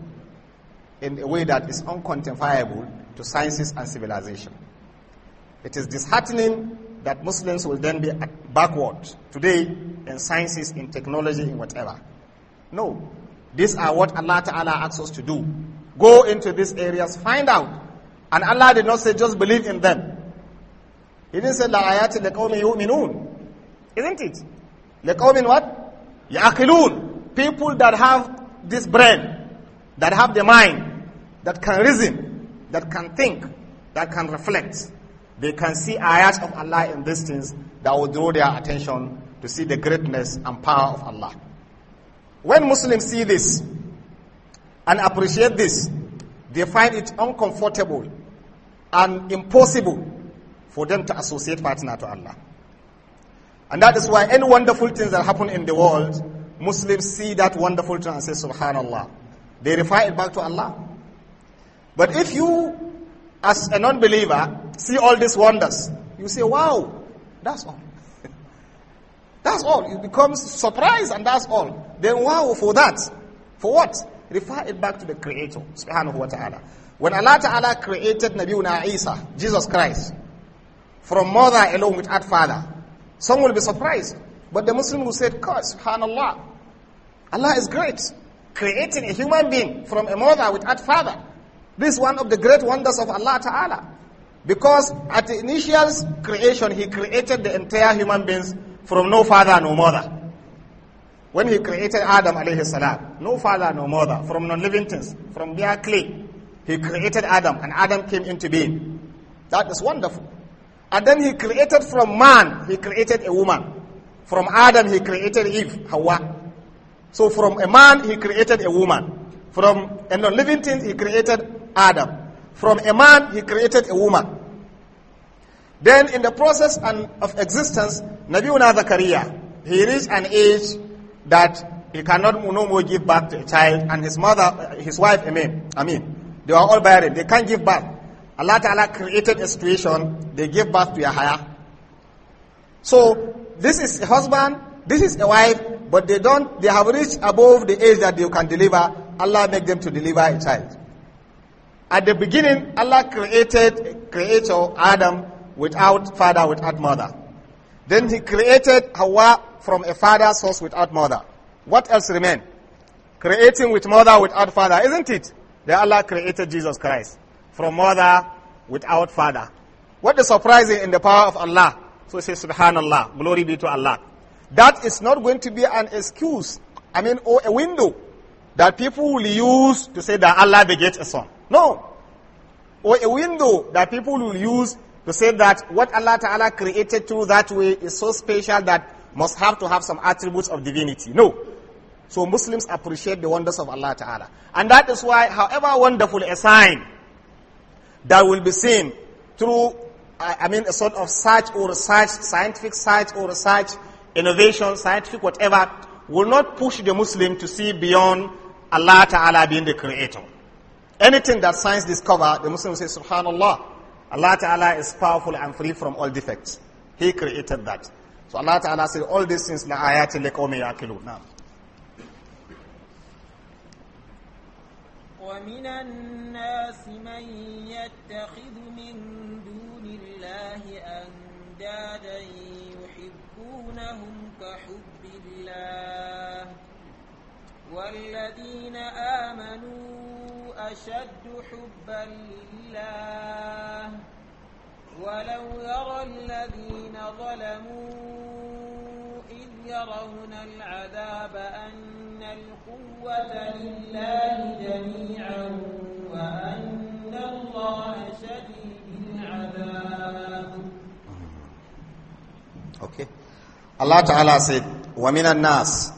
in a way that is unquantifiable to sciences and civilization. It is disheartening that Muslims will then be backward today in sciences, in technology, in whatever. No. These are what Allah Ta'ala asks us to do. Go into these areas, find out. And Allah did not say just believe in them. He didn't say la ayati yu'minun. Isn't it? Liqawmin what? Ya'qilun. People that have this brain, that have the mind, that can reason, that can think, that can reflect. They can see ayat of Allah in these things that will draw their attention to see the greatness and power of Allah. When Muslims see this and appreciate this, they find it uncomfortable and impossible for them to associate partner to Allah. And that is why any wonderful things that happen in the world, Muslims see that wonderful thing and say, Subhanallah. They refer it back to Allah. But if you, as a non believer, see all these wonders. You say, wow, that's all. that's all. It becomes surprise and that's all. Then wow for that. For what? Refer it back to the Creator, subhanahu wa ta'ala. When Allah ta'ala created Nabiuna Isa, Jesus Christ, from mother alone without father, some will be surprised. But the Muslim who said, "Cause, subhanallah, Allah is great. Creating a human being from a mother without father. This is one of the great wonders of Allah Ta'ala. Because at the initial creation, he created the entire human beings from no father, no mother. When he created Adam alayhi salam, no father, no mother, from non-living things, from bare clay, he created Adam and Adam came into being. That is wonderful. And then he created from man, he created a woman. From Adam, he created Eve, Hawa. So from a man, he created a woman. From a non-living thing, he created Adam. From a man, he created a woman. Then in the process and of existence, Nabiuna Zakaria, he reached an age that he cannot no more give birth to a child, and his mother, uh, his wife, Amin, Amin, they were all buried. They can't give birth. Allah Ta'ala created a situation, they gave birth to Yahya. So, this is a husband, this is a wife, but they don't, they have reached above the age that they can deliver. Allah make them to deliver a child. At the beginning, Allah created creator Adam without father, without mother. Then he created Hawa from a father source without mother. What else remain? Creating with mother without father, isn't it? Then Allah created Jesus Christ from mother without father. What is surprising in the power of Allah? So says, Subhanallah, glory be to Allah. That is not going to be an excuse, I mean, or a window that people will use to say that Allah begets a son. No. Or a window that people will use to say that what Allah Ta'ala created to that way is so special that must have to have some attributes of divinity. No. So Muslims appreciate the wonders of Allah Ta'ala. And that is why, however wonderful a sign that will be seen through, I mean, a sort of search or research, scientific search or research, innovation, scientific whatever, will not push the Muslim to see beyond Allah Ta'ala being the creator. Anything that science discover, the Muslim will say, Subhanallah. Allah Ta'ala is powerful and free from all defects. He created that. So Allah Ta'ala said, all these things, la ayati liqawmi yaqilu. Now. ومن الناس من يتخذ من دون الله أندادا يحبونهم كحب الله والذين آمنوا أشد حبا لله ولو يرى الذين ظلموا إذ يرون العذاب أن القوة لله جميعا وأن الله شديد العذاب أوكي الله تعالى سيد ومن الناس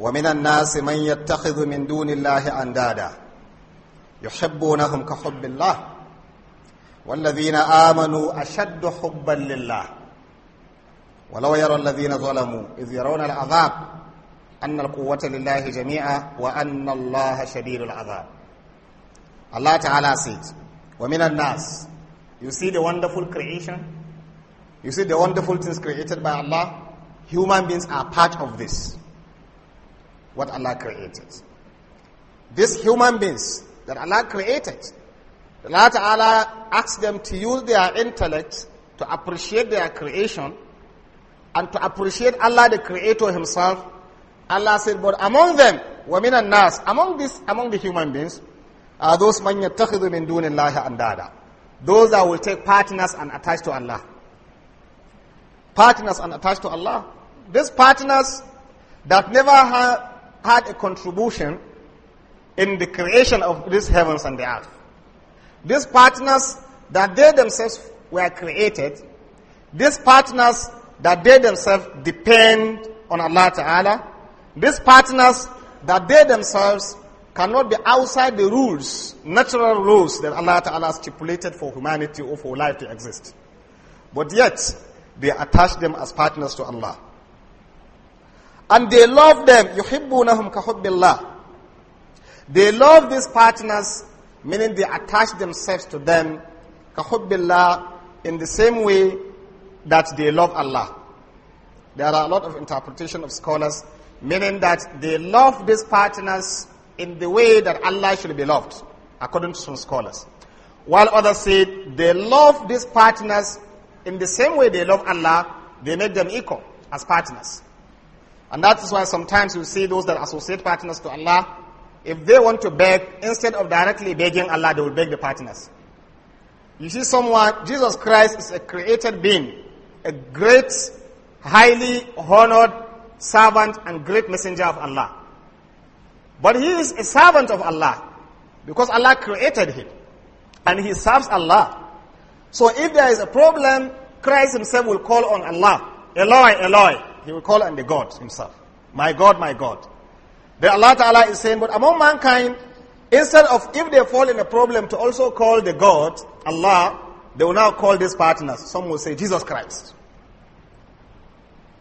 ومن الناس من يتخذ من دون الله أندادا يحبونهم كحب الله والذين آمنوا أشد حبا لله ولو يرى الذين ظلموا إذ يرون العذاب أن القوة لله جميعا وأن الله شديد العذاب Allah Ta'ala says, وَمِنَ النَّاسِ You see the wonderful creation? You see the wonderful things created by Allah? Human beings are part of this, what Allah created. These human beings that Allah created. Allah Ta'ala asked them to use their intellect to appreciate their creation and to appreciate Allah the creator himself. Allah said, but among them, and nas, Among this, among the human beings, are those مَنْ يَتَّخِذُ min دُونِ and dada. Those that will take partners and attach to Allah. Partners and attach to Allah. These partners that never ha had a contribution in the creation of these heavens and the earth. These partners that they themselves were created, these partners that they themselves depend on Allah Ta'ala, these partners that they themselves cannot be outside the rules, natural rules that Allah Ta'ala stipulated for humanity or for life to exist. But yet, they attach them as partners to Allah. And they love them. يُحِبُّونَهُمْ كَحُبِّ اللَّهِ they love these partners, meaning they attach themselves to them, kahubbillah, in the same way that they love Allah. There are a lot of interpretation of scholars, meaning that they love these partners in the way that Allah should be loved, according to some scholars. While others say they love these partners in the same way they love Allah, they make them equal as partners. And that is why sometimes you see those that associate partners to Allah, if they want to beg, instead of directly begging Allah, they will beg the partners. You see, someone, Jesus Christ is a created being, a great, highly honored servant and great messenger of Allah. But he is a servant of Allah because Allah created him and he serves Allah. So if there is a problem, Christ himself will call on Allah. Eloi, Eloi. He will call on the God himself. My God, my God. Then Allah Ta'ala is saying, but among mankind, instead of if they fall in a problem to also call the God, Allah, they will now call these partners. Some will say Jesus Christ.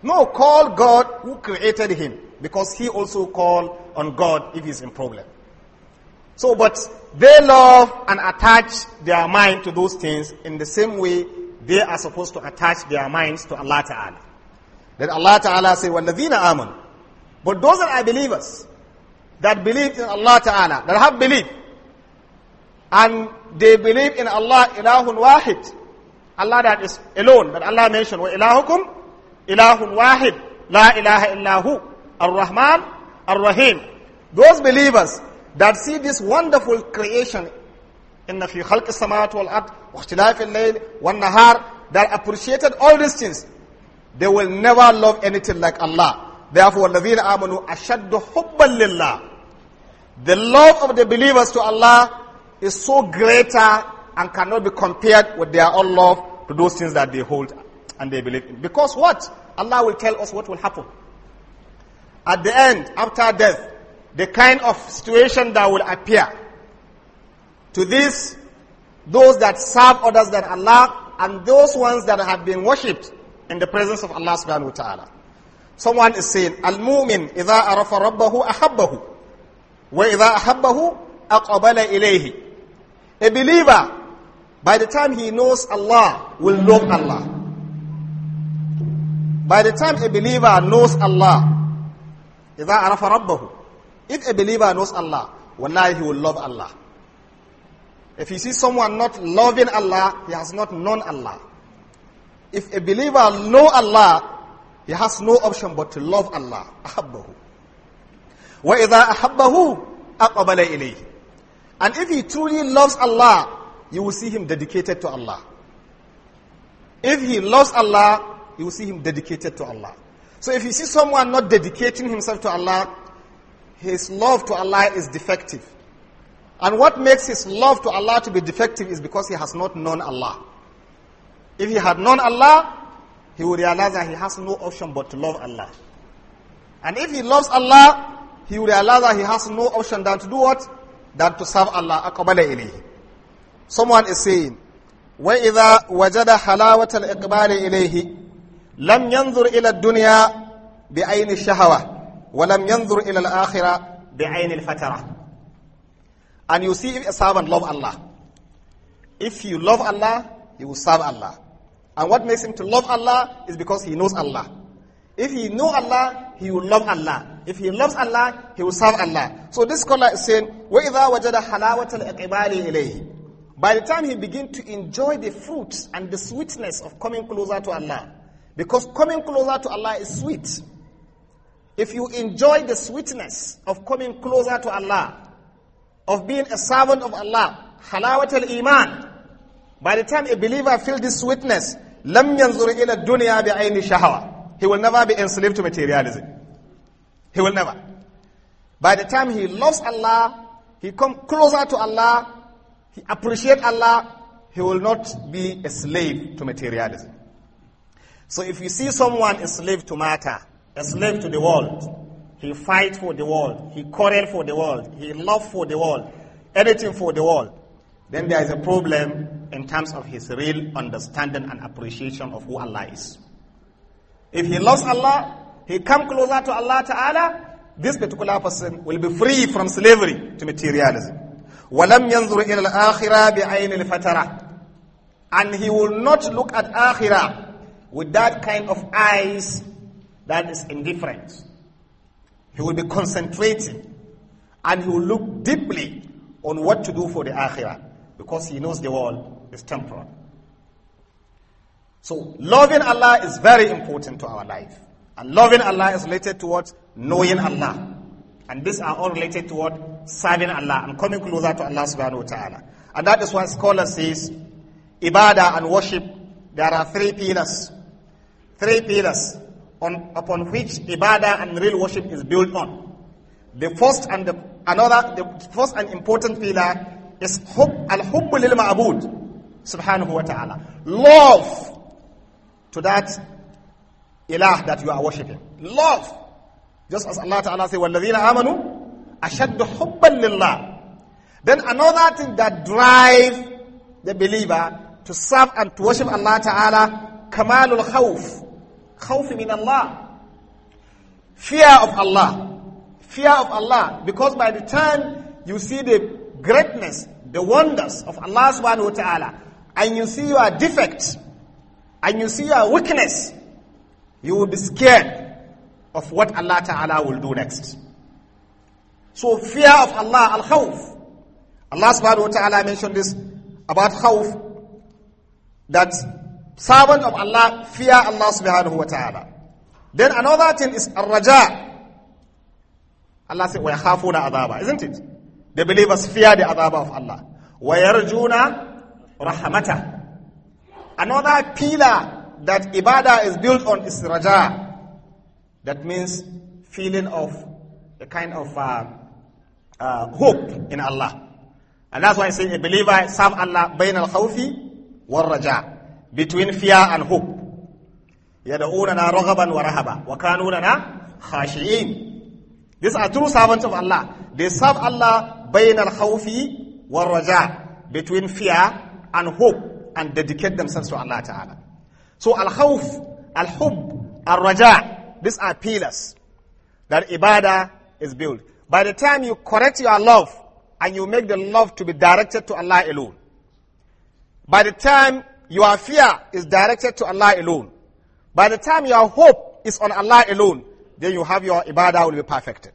No, call God who created him because he also call on God if he's in problem. So, but they love and attach their mind to those things in the same way they are supposed to attach their minds to Allah Ta'ala. Then Allah Ta'ala say, وَالَّذِينَ آمَنُوا but those that are believers, that believe in Allah Ta'ala, that have belief, and they believe in Allah ilahun wahid, Allah that is alone, that Allah mentioned, wa ilahukum ilahun wahid, la ilaha illahu, ar-Rahman, ar-Rahim. Those believers that see this wonderful creation in the khalq samawat wal ard wa ikhtilaf al-layl wan nahar that appreciated all these things they will never love anything like Allah Therefore, الَّذِينَ آمَنُوا أَشَدُّ حُبًّا لِلَّهِ The love of the believers to Allah is so greater and cannot be compared with their own love to those things that they hold and they believe in. Because what? Allah will tell us what will happen. At the end, after death, the kind of situation that will appear to these, those that serve others than Allah, and those ones that have been worshipped in the presence of Allah subhanahu wa ta'ala. Someone is saying, Al-mu'min, arafa rabbahu ahabbahu wa idha ahabbahu aqbala ilayhi A believer, by the time he knows Allah, will love Allah. By the time a believer knows Allah, idha arafa rabbahu If a believer knows Allah, wallahi he will love Allah. If he sees someone not loving Allah, he has not known Allah. If a believer know Allah, He has no option but to love Allah. Wa وَإِذَا أَحَبَّهُ أَقْبَلَ إِلَيْهِ And if he truly loves Allah, you will see him dedicated to Allah. If he loves Allah, you will see him dedicated to Allah. So if you see someone not dedicating himself to Allah, his love to Allah is defective. And what makes his love to Allah to be defective is because he has not known Allah. If he had known Allah, he will realize that he has no option but to love Allah. And if he loves Allah, he will realize that he has no option than to do what? Than to serve Allah. Someone is saying, وإذا وجد حلاوة الإقبال إليه لم ينظر إلى الدنيا بعين الشهوة ولم ينظر إلى الآخرة بعين الفترة And you see if a servant love Allah. If you love Allah, you will serve Allah. And what makes him to love Allah is because he knows Allah. If he know Allah, he will love Allah. If he loves Allah, he will serve Allah. So this scholar is saying, وَإِذَا وَجَدَ حَلَاوَةَ الْإِقْبَالِ إِلَيْهِ By the time he begin to enjoy the fruits and the sweetness of coming closer to Allah, because coming closer to Allah is sweet. If you enjoy the sweetness of coming closer to Allah, of being a servant of Allah, halawat al-iman, by the time a believer feels this sweetness, he will never be enslaved to materialism. He will never. By the time he loves Allah, he come closer to Allah, he appreciate Allah, he will not be a slave to materialism. So if you see someone enslaved to matter, enslaved to the world, he fight for the world, he quarrel for the world, he love for the world, anything for the world, then there is a problem in terms of his real understanding and appreciation of who Allah is. If he loves Allah, he come closer to Allah Ta'ala, this particular person will be free from slavery to materialism. وَلَمْ يَنْظُرْ إِلَى الْآخِرَةِ بِعَيْنِ الْفَتَرَةِ And he will not look at akhirah with that kind of eyes that is indifferent. He will be concentrating and he will look deeply on what to do for the akhirah because he knows the world is temporal. So loving Allah is very important to our life. And loving Allah is related towards knowing Allah. And these are all related toward serving Allah and coming closer to Allah subhanahu wa ta'ala. And that is why scholar says ibadah and worship, there are three pillars. Three pillars on, upon which ibadah and real worship is built on. The first and the, another, the first and important pillar is al-hubbu lil ma'bud, subhanahu wa ta'ala. Love to that ilah that you are worshipping. Love. Just as Allah Ta'ala says, وَالَّذِينَ آمَنُوا أَشَدُّ حُبًّا لِلَّهِ Then another thing that drives the believer to serve and to worship Allah Ta'ala, kamalul khawf. Khawf min Allah. Fear of Allah. Fear of Allah. Because by the time you see the greatness, the wonders of Allah subhanahu wa ta'ala, and you see your defects, and you see your weakness, you will be scared of what Allah ta'ala will do next. So fear of Allah, al-khawf. Allah subhanahu wa ta'ala mentioned this about khawf, that servant of Allah, fear Allah subhanahu wa ta'ala. Then another thing is al-raja. Allah said, وَيَخَافُونَ عَذَابًا Isn't it? The believers fear the azab of Allah. وَيَرْجُونَ رَحْمَتَهُ Another pillar that ibadah is built on is raja. That means feeling of a kind of uh, uh, hope in Allah. And that's why I say a believer serve Allah bain al khawfi wal raja between fear and hope. يدعوننا رغبا ورهبا وكانوا لنا These are true servants of Allah. They serve Allah bain al khawfi raja between fear and hope and dedicate themselves to Allah Ta'ala. So al khawf, al hub, al raja, these are pillars that ibadah is built. By the time you correct your love and you make the love to be directed to Allah alone, by the time your fear is directed to Allah alone, by the time your hope is on Allah alone, then you have your ibadah will be perfected.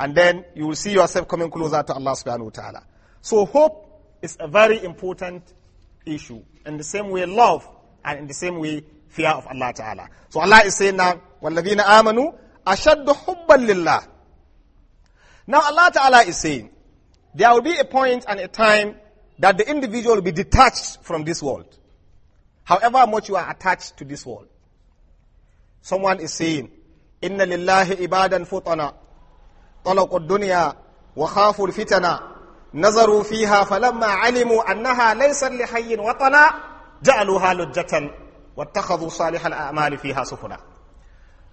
And then you will see yourself coming closer to Allah subhanahu wa ta'ala. So hope is a very important issue. In the same way, love, and in the same way, fear of Allah ta'ala. So Allah is saying now, وَالَّذِينَ آمَنُوا أَشَدُّ حُبًّا لِلَّهِ Now Allah ta'ala is saying, there will be a point and a time that the individual will be detached from this world. However much you are attached to this world. Someone is saying, إِنَّ لِلَّهِ إِبَادًا فُطَنًا طلقوا الدنيا وخافوا الفتن نظروا فيها فلما علموا أنها ليس لحي وطنا جعلوها لجة واتخذوا صالح الأعمال فيها سفنا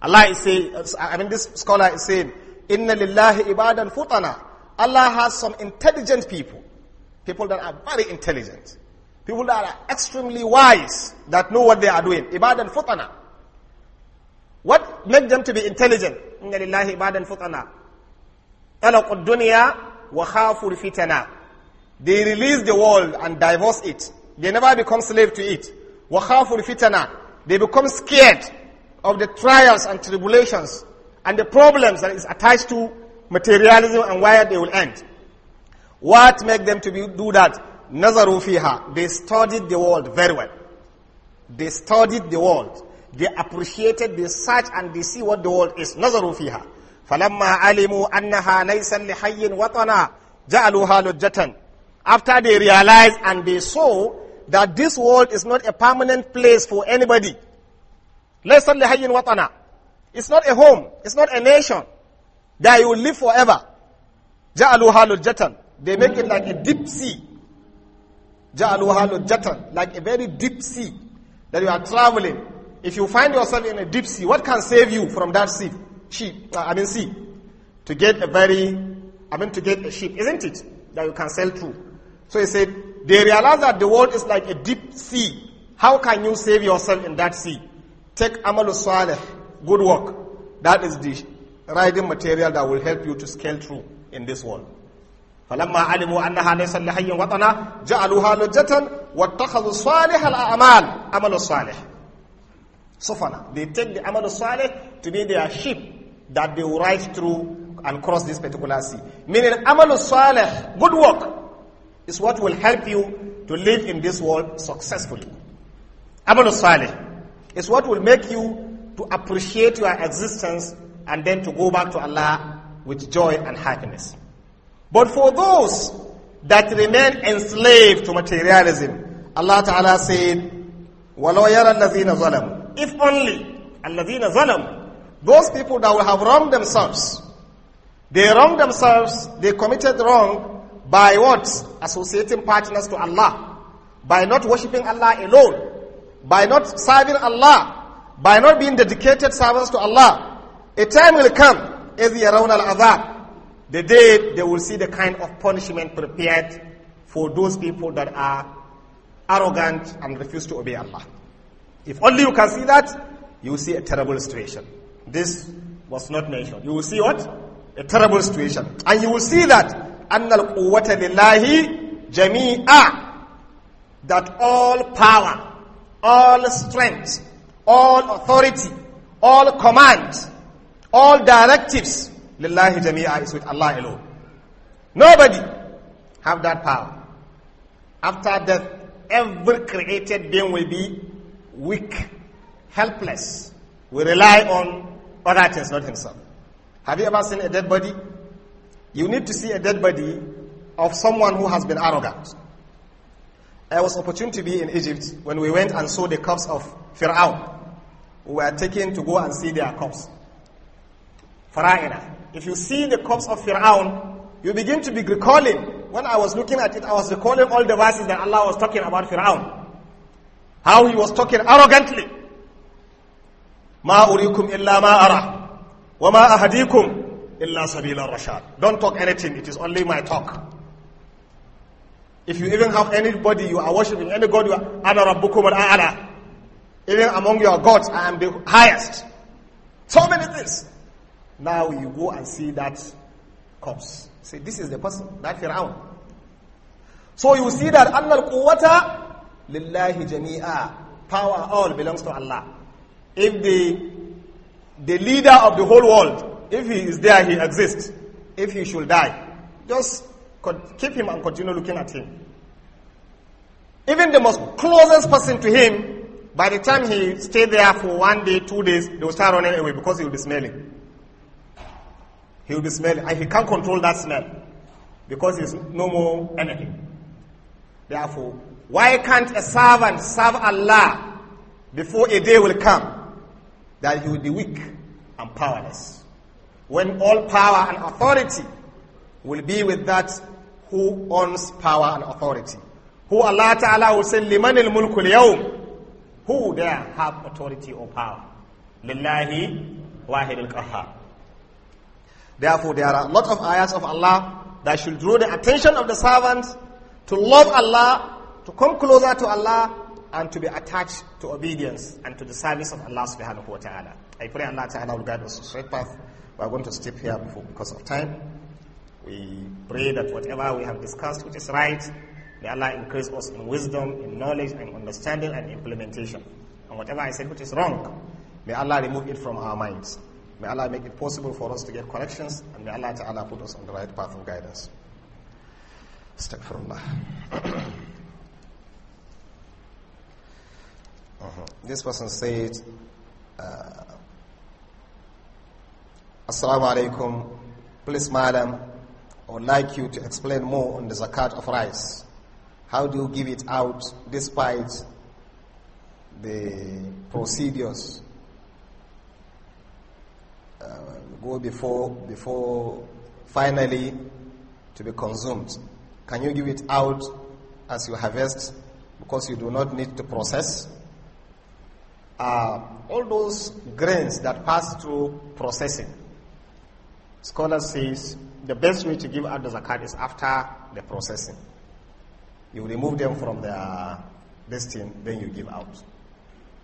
الله is I mean this scholar is saying, Inna lillahi ibadan futana. Allah has some intelligent people. People that are very intelligent. People that are extremely wise, that know what they are doing. Ibadan futana. What made them to be intelligent? Inna lillahi ibadan futana. طلقوا الدنيا وخافوا الفتنة. They release the world and divorce it. They never become slave to it. They become scared of the trials and tribulations and the problems that is attached to materialism and where they will end. What make them to be, do that? Nazaru fiha. They studied the world very well. They studied the world. They appreciated, they search and they see what the world is. Nazaru fiha. فلما علموا أنها ليس لحي وطنا جعلوها After they realized and they saw that this world is not a permanent place for anybody. ليس لحي وطنا It's not a home. It's not a nation that you will live forever. جعلوها لجة They make it like a deep sea. جعلوها لجة Like a very deep sea that you are traveling. If you find yourself in a deep sea, what can save you from that sea? sheep, uh, I mean sea, to get a very, I mean to get a sheep, isn't it? That you can sell through. So he said, they realize that the world is like a deep sea. How can you save yourself in that sea? Take Amalu good work. That is the riding material that will help you to scale through in this world. فلما علموا انها ليس لحي وطنا جعلوها لجة واتخذوا صالح الاعمال عمل الصالح سفنا they take the amal to be their sheep that they will ride through and cross this particular sea. Meaning, amal salih, good work, is what will help you to live in this world successfully. Amal salih is what will make you to appreciate your existence and then to go back to Allah with joy and happiness. But for those that remain enslaved to materialism, Allah Ta'ala said, وَلَوْ يَرَى الَّذِينَ ظَلَمُوا If only, الَّذِينَ ظَلَمُوا those people that will have wronged themselves, they wronged themselves, they committed wrong by what? Associating partners to Allah. By not worshipping Allah alone. By not serving Allah. By not being dedicated servants to Allah. A time will come, as around al-adhab. The day they will see the kind of punishment prepared for those people that are arrogant and refuse to obey Allah. If only you can see that, you will see a terrible situation. This was not mentioned. You will see what? A terrible situation. And you will see that أَنَّ الْقُوَّةَ لِلَّهِ Jamia, That all power, all strength, all authority, all command, all directives, lillahi jami'a is with Allah alone. Nobody have that power. After death, every created being will be weak, helpless. We rely on other things, not himself. Have you ever seen a dead body? You need to see a dead body of someone who has been arrogant. I was opportune to be in Egypt when we went and saw the corpse of Pharaoh. We were taken to go and see their corpse. Pharaoh. If you see the corpse of Pharaoh, you begin to be recalling. When I was looking at it, I was recalling all the verses that Allah was talking about Pharaoh. How he was talking arrogantly. Ma urikum illa ma ara. Wa ma ahadikum illa sabila rashad. Don't talk anything. It is only my talk. If you even have anybody you are worshipping, any god you are, ana rabbukum ala. Even among your gods, I am the highest. So many things. Now you go and see that corpse. Say, this is the person, that Fir'aun. So you see that أن القوة لله جميعا. Power all belongs to Allah if the the leader of the whole world, if he is there, he exists. If he should die, just keep him and continue looking at him. Even the most closest person to him, by the time he stay there for one day, two days, they will start running away because he will be smelling. He will be smelling, and he can't control that smell because he's no more enemy. Therefore, why can't a servant serve Allah before a day will come that he will be weak and powerless. When all power and authority will be with that who owns power and authority. Who Allah Ta'ala will say, لِمَنِ الْمُلْكُ الْيَوْمِ Who there have authority or power? لِلَّهِ وَاحِدِ الْقَهَّارِ Therefore, there are a lot of ayahs of Allah that should draw the attention of the servants to love Allah, to come closer to Allah, and to be attached to obedience and to the service of Allah subhanahu wa ta'ala. I pray Allah ta'ala will guide us to straight path. We are going to stop here before, because of time. We pray that whatever we have discussed, which is right, may Allah increase us in wisdom, in knowledge, and understanding and implementation. And whatever I said, which is wrong, may Allah remove it from our minds. May Allah make it possible for us to get corrections, and may Allah ta'ala put us on the right path of guidance. Astaghfirullah. Uh-huh. This person said, uh, Assalamu alaikum, please madam, I would like you to explain more on the zakat of rice. How do you give it out despite the procedures uh, go before before finally to be consumed? Can you give it out as you harvest because you do not need to process? all those grains that pass through processing. Scholar says the best way to give out the zakat is after the processing. You remove them from the destin, then you give out.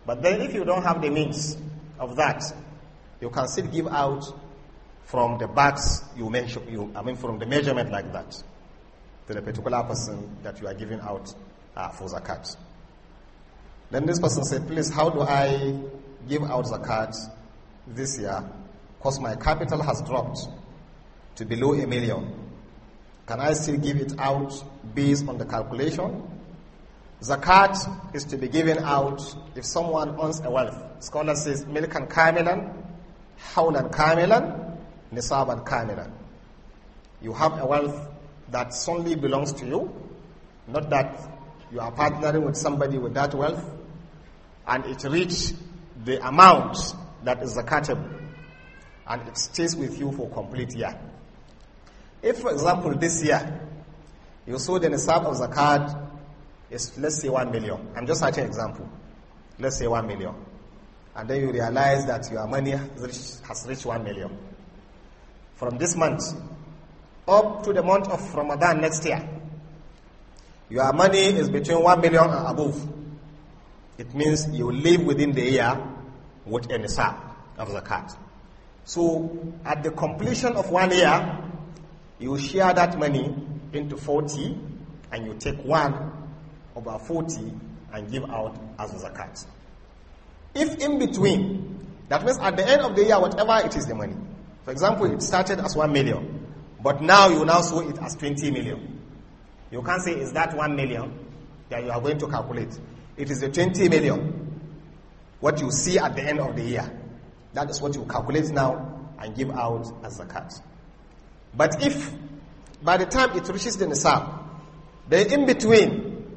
But then if you don't have the means of that, you can still give out from the bags you mention you I mean from the measurement like that to the particular person that you are giving out uh, for zakat. Then this person said, please, how do I give out zakat this year? Because my capital has dropped to below a million. Can I still give it out based on the calculation? Zakat is to be given out if someone owns a wealth. Scholar says, milkan kamilan, hawlan kamilan, nisaban kamilan. You have a wealth that solely belongs to you, not that you are partnering with somebody with that wealth and it reached the amount that is accountable, and it stays with you for complete year. If, for example, this year you sold the nisab of zakat is let's say one million. I'm just such an example. Let's say one million, and then you realize that your money has reached one million. From this month up to the month of Ramadan next year, your money is between one million and above. It means you live within the year with a nisab of zakat. So at the completion of one year, you share that money into 40 and you take one over 40 and give out as a zakat. If in between, that means at the end of the year, whatever it is the money. For example, it started as 1 million, but now you now saw it as 20 million. You can't say, is that 1 million? That you are going to calculate. It is the 20 million. What you see at the end of the year. That is what you calculate now and give out as cut. But if by the time it reaches the nisab, the in between,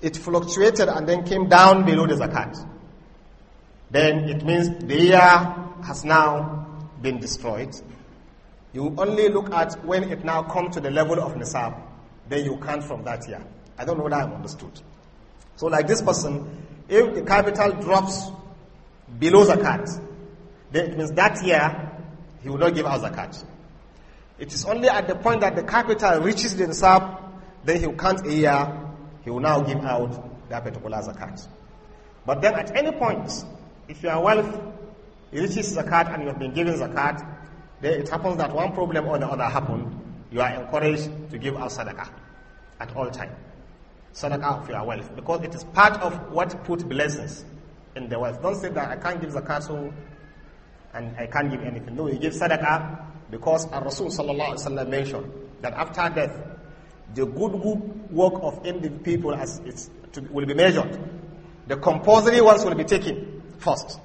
it fluctuated and then came down below the zakat, then it means the year has now been destroyed. You only look at when it now comes to the level of nisab, then you count from that year. I don't know whether I'm understood. So like this person, if the capital drops below zakat, then it means that year he will not give out zakat. It is only at the point that the capital reaches the nisab, then he will count a year, he will now give out that particular zakat. But then at any point, if your wealth reaches zakat and you have been given zakat, then it happens that one problem or the other happened, you are encouraged to give out sadaqah at all time sadaqah of your wealth because it is part of what put blessings in the wealth. Don't say that I can't give zakat so and I can't give anything. No, you give sadaqah because Rasulullah Rasul sallallahu alaihi wasallam mentioned that after death, the good, work of ending people as it's to, will be measured. The compulsory ones will be taken first.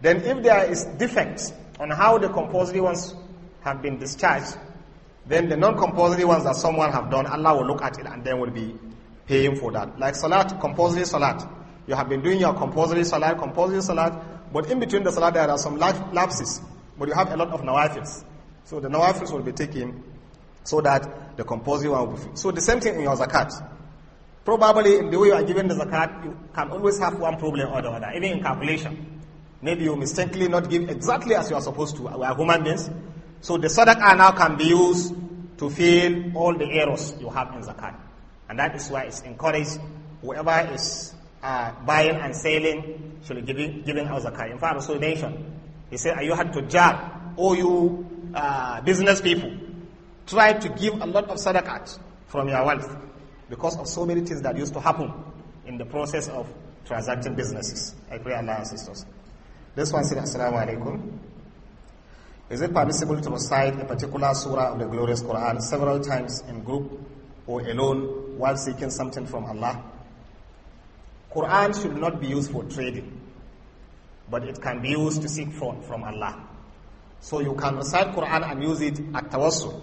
Then, if there is defects on how the compulsory ones have been discharged, then the non-compulsory ones that someone have done, Allah will look at it and then will be pay him for that. Like salat, compulsory salat. You have been doing your compulsory salat, compulsory salat, but in between the salat there are some lapses, but you have a lot of nawafils. So the nawafils will be taken so that the compulsory one will be free. So the same thing in your zakat. Probably in the way you are given the zakat, you can always have one problem or the other, even in calculation. Maybe you mistakenly not give exactly as you are supposed to. We are human beings. So the sadaqah now can be used to fill all the errors you have in zakat. And that is why it's encouraged whoever is uh, buying and selling should be giving, giving out zakah. In fact, Rasul mentioned, he said, you had to jab or you uh, business people, try to give a lot of sadaqat from your wealth because of so many things that used to happen in the process of transacting businesses. I pray Allah assist us. This one said, Assalamu alaikum. Is it permissible to recite a particular surah of the glorious Quran several times in group or alone while seeking something from Allah. Quran should not be used for trading, but it can be used to seek from, from Allah. So you can recite Quran and use it at tawassul.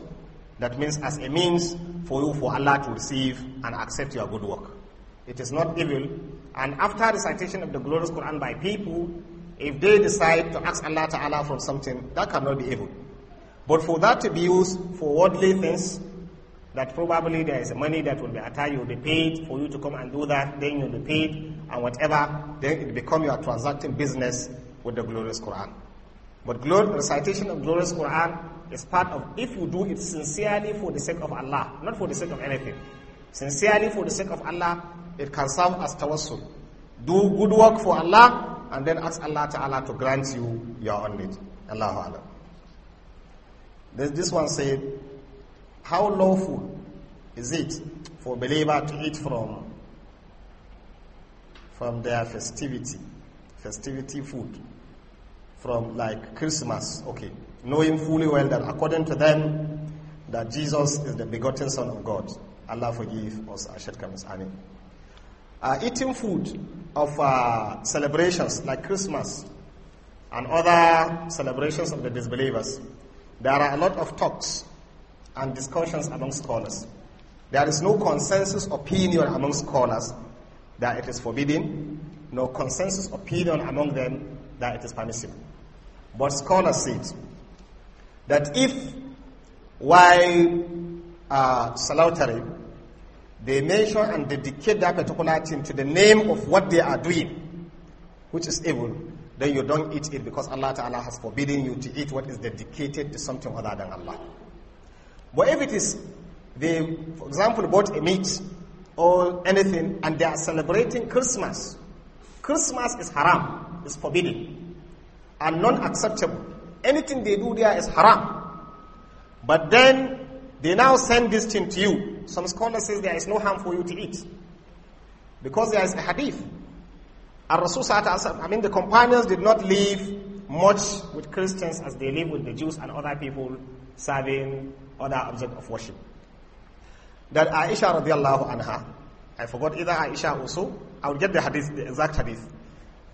That means as a means for you for Allah to receive and accept your good work. It is not evil. And after recitation of the glorious Quran by people, if they decide to ask Allah Ta'ala for something, that cannot be evil. But for that to be used for worldly things, that probably there is money that will be attached, you will be paid for you to come and do that, then you'll be paid and whatever, then it become your transacting business with the glorious Quran. But recitation of glorious Quran is part of if you do it sincerely for the sake of Allah, not for the sake of anything. Sincerely for the sake of Allah, it can serve as tawassul. Do good work for Allah and then ask Allah Ta'ala to grant you your own need. Allahu Allah. This, this one said, how lawful is it for a believer to eat from from their festivity, festivity food, from like Christmas, okay, knowing fully well that according to them, that Jesus is the begotten Son of God. Allah forgive us our shortcomings. I Uh, eating food of uh, celebrations like Christmas and other celebrations of the disbelievers, there are a lot of talks and discussions among scholars. There is no consensus opinion among scholars that it is forbidden, no consensus opinion among them that it is permissible. But scholars say that if while uh, salutary, they mention and dedicate that particular thing to the name of what they are doing, which is evil, then you don't eat it because Allah Ta'ala has forbidden you to eat what is dedicated to something other than Allah. But if it is, they, for example, bought a meat or anything and they are celebrating Christmas, Christmas is haram, is forbidden, and non acceptable. Anything they do there is haram. But then they now send this thing to you. Some scholars say there is no harm for you to eat. Because there is a hadith. Rasul I mean the companions did not live much with Christians as they live with the Jews and other people serving other object of worship. That Aisha radiallahu anha, I forgot either Aisha also, I will get the hadith, the exact hadith,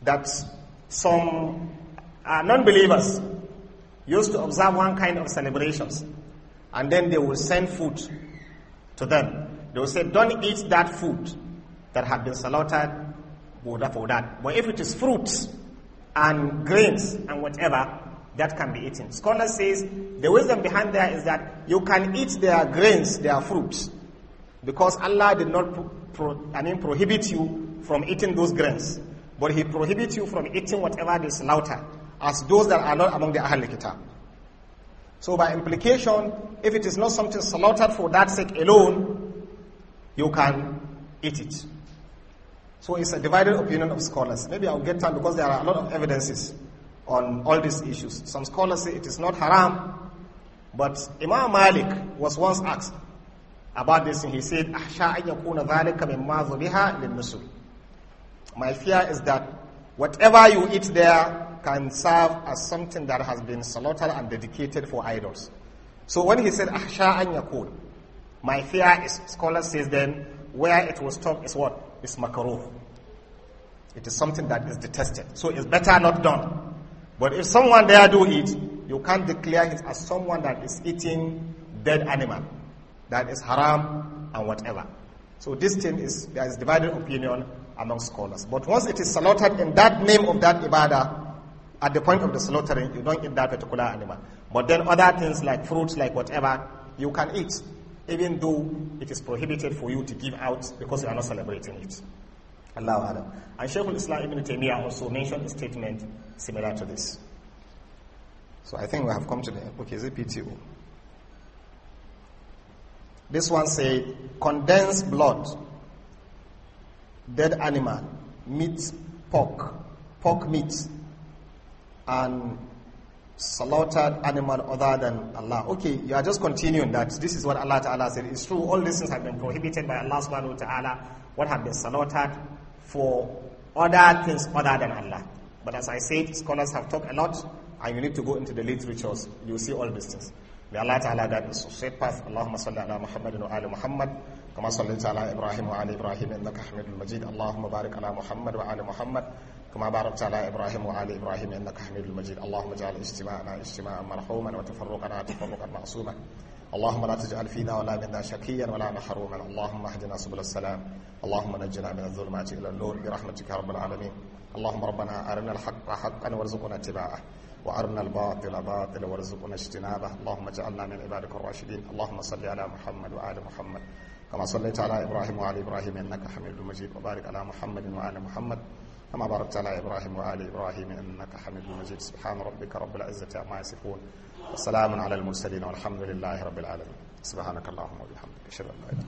that some uh, non-believers used to observe one kind of celebrations and then they will send food to them. They will say, don't eat that food that had been slaughtered for that. But if it is fruits and grains and whatever, that can be eaten. Scholar says the wisdom behind that is that you can eat their grains, their fruits, because Allah did not pro, I mean prohibit you from eating those grains, but He prohibits you from eating whatever they slaughter, as those that are not among the Ahl Kitab. So by implication, if it is not something slaughtered for that sake alone, you can eat it. So it's a divided opinion of scholars. Maybe I'll get time because there are a lot of evidences on all these issues. Some scholars say it is not haram, but Imam Malik was once asked about this and he said, أَحْشَىٰ أَنْ يَكُونَ ذَلِكَ My fear is that whatever you eat there can serve as something that has been slaughtered and dedicated for idols. So when he said, أَحْشَىٰ My fear is, scholar says then, where it was stopped is what? It's makaruh. It is something that is detested. So it's better not done. But if someone there do it, you can't declare it as someone that is eating dead animal, that is haram and whatever. So this thing is, there is divided opinion among scholars. But once it is slaughtered in that name of that ibadah, at the point of the slaughtering, you don't eat that particular animal. But then other things like fruits, like whatever, you can eat, even though it is prohibited for you to give out because you are not celebrating it. Allah Adam. And Shaykh islam Ibn Taymiyyah also mentioned a statement similar to this. So I think we have come to the okay, is it PTO? This one said condensed blood, dead animal, meat, pork, pork meat, and slaughtered animal other than Allah. Okay, you are just continuing that. This is what Allah Ta'ala said. It's true, all these things have been prohibited by Allah subhanahu wa ta'ala, what have been slaughtered for other things other than Allah. But as I said, scholars have talked a lot, and you need to go into the literatures. You'll see all these things. May Allah Ta'ala guide us to straight path. Allahumma salli ala Muhammadin wa ala Muhammad. كما صليت على ابراهيم وعلى ابراهيم انك حميد مجيد اللهم بارك على محمد وعلى محمد كما باركت على ابراهيم وعلى ابراهيم انك حميد مجيد اللهم اجعل اجتماعنا اجتماعا مرحوما وتفرقنا تفرقا معصوما اللهم لا تجعل فينا ولا منا شقيا ولا محروما اللهم اهدنا سبل السلام اللهم نجنا من الظلمات الى النور برحمتك رب العالمين اللهم ربنا أرنا الحق حقا وارزقنا اتباعه وأرنا الباطل باطلا وارزقنا اجتنابه اللهم اجعلنا من عبادك الراشدين اللهم صل على محمد وآل محمد كما صليت على إبراهيم وآل إبراهيم إنك حميد مجيد وبارك على محمد وآل محمد كما باركت على إبراهيم وآل إبراهيم إنك حميد مجيد سبحان ربك رب العزة عما يصفون وسلام على المرسلين والحمد لله رب العالمين سبحانك اللهم وبحمدك أشهد أن لا إله إلا أنت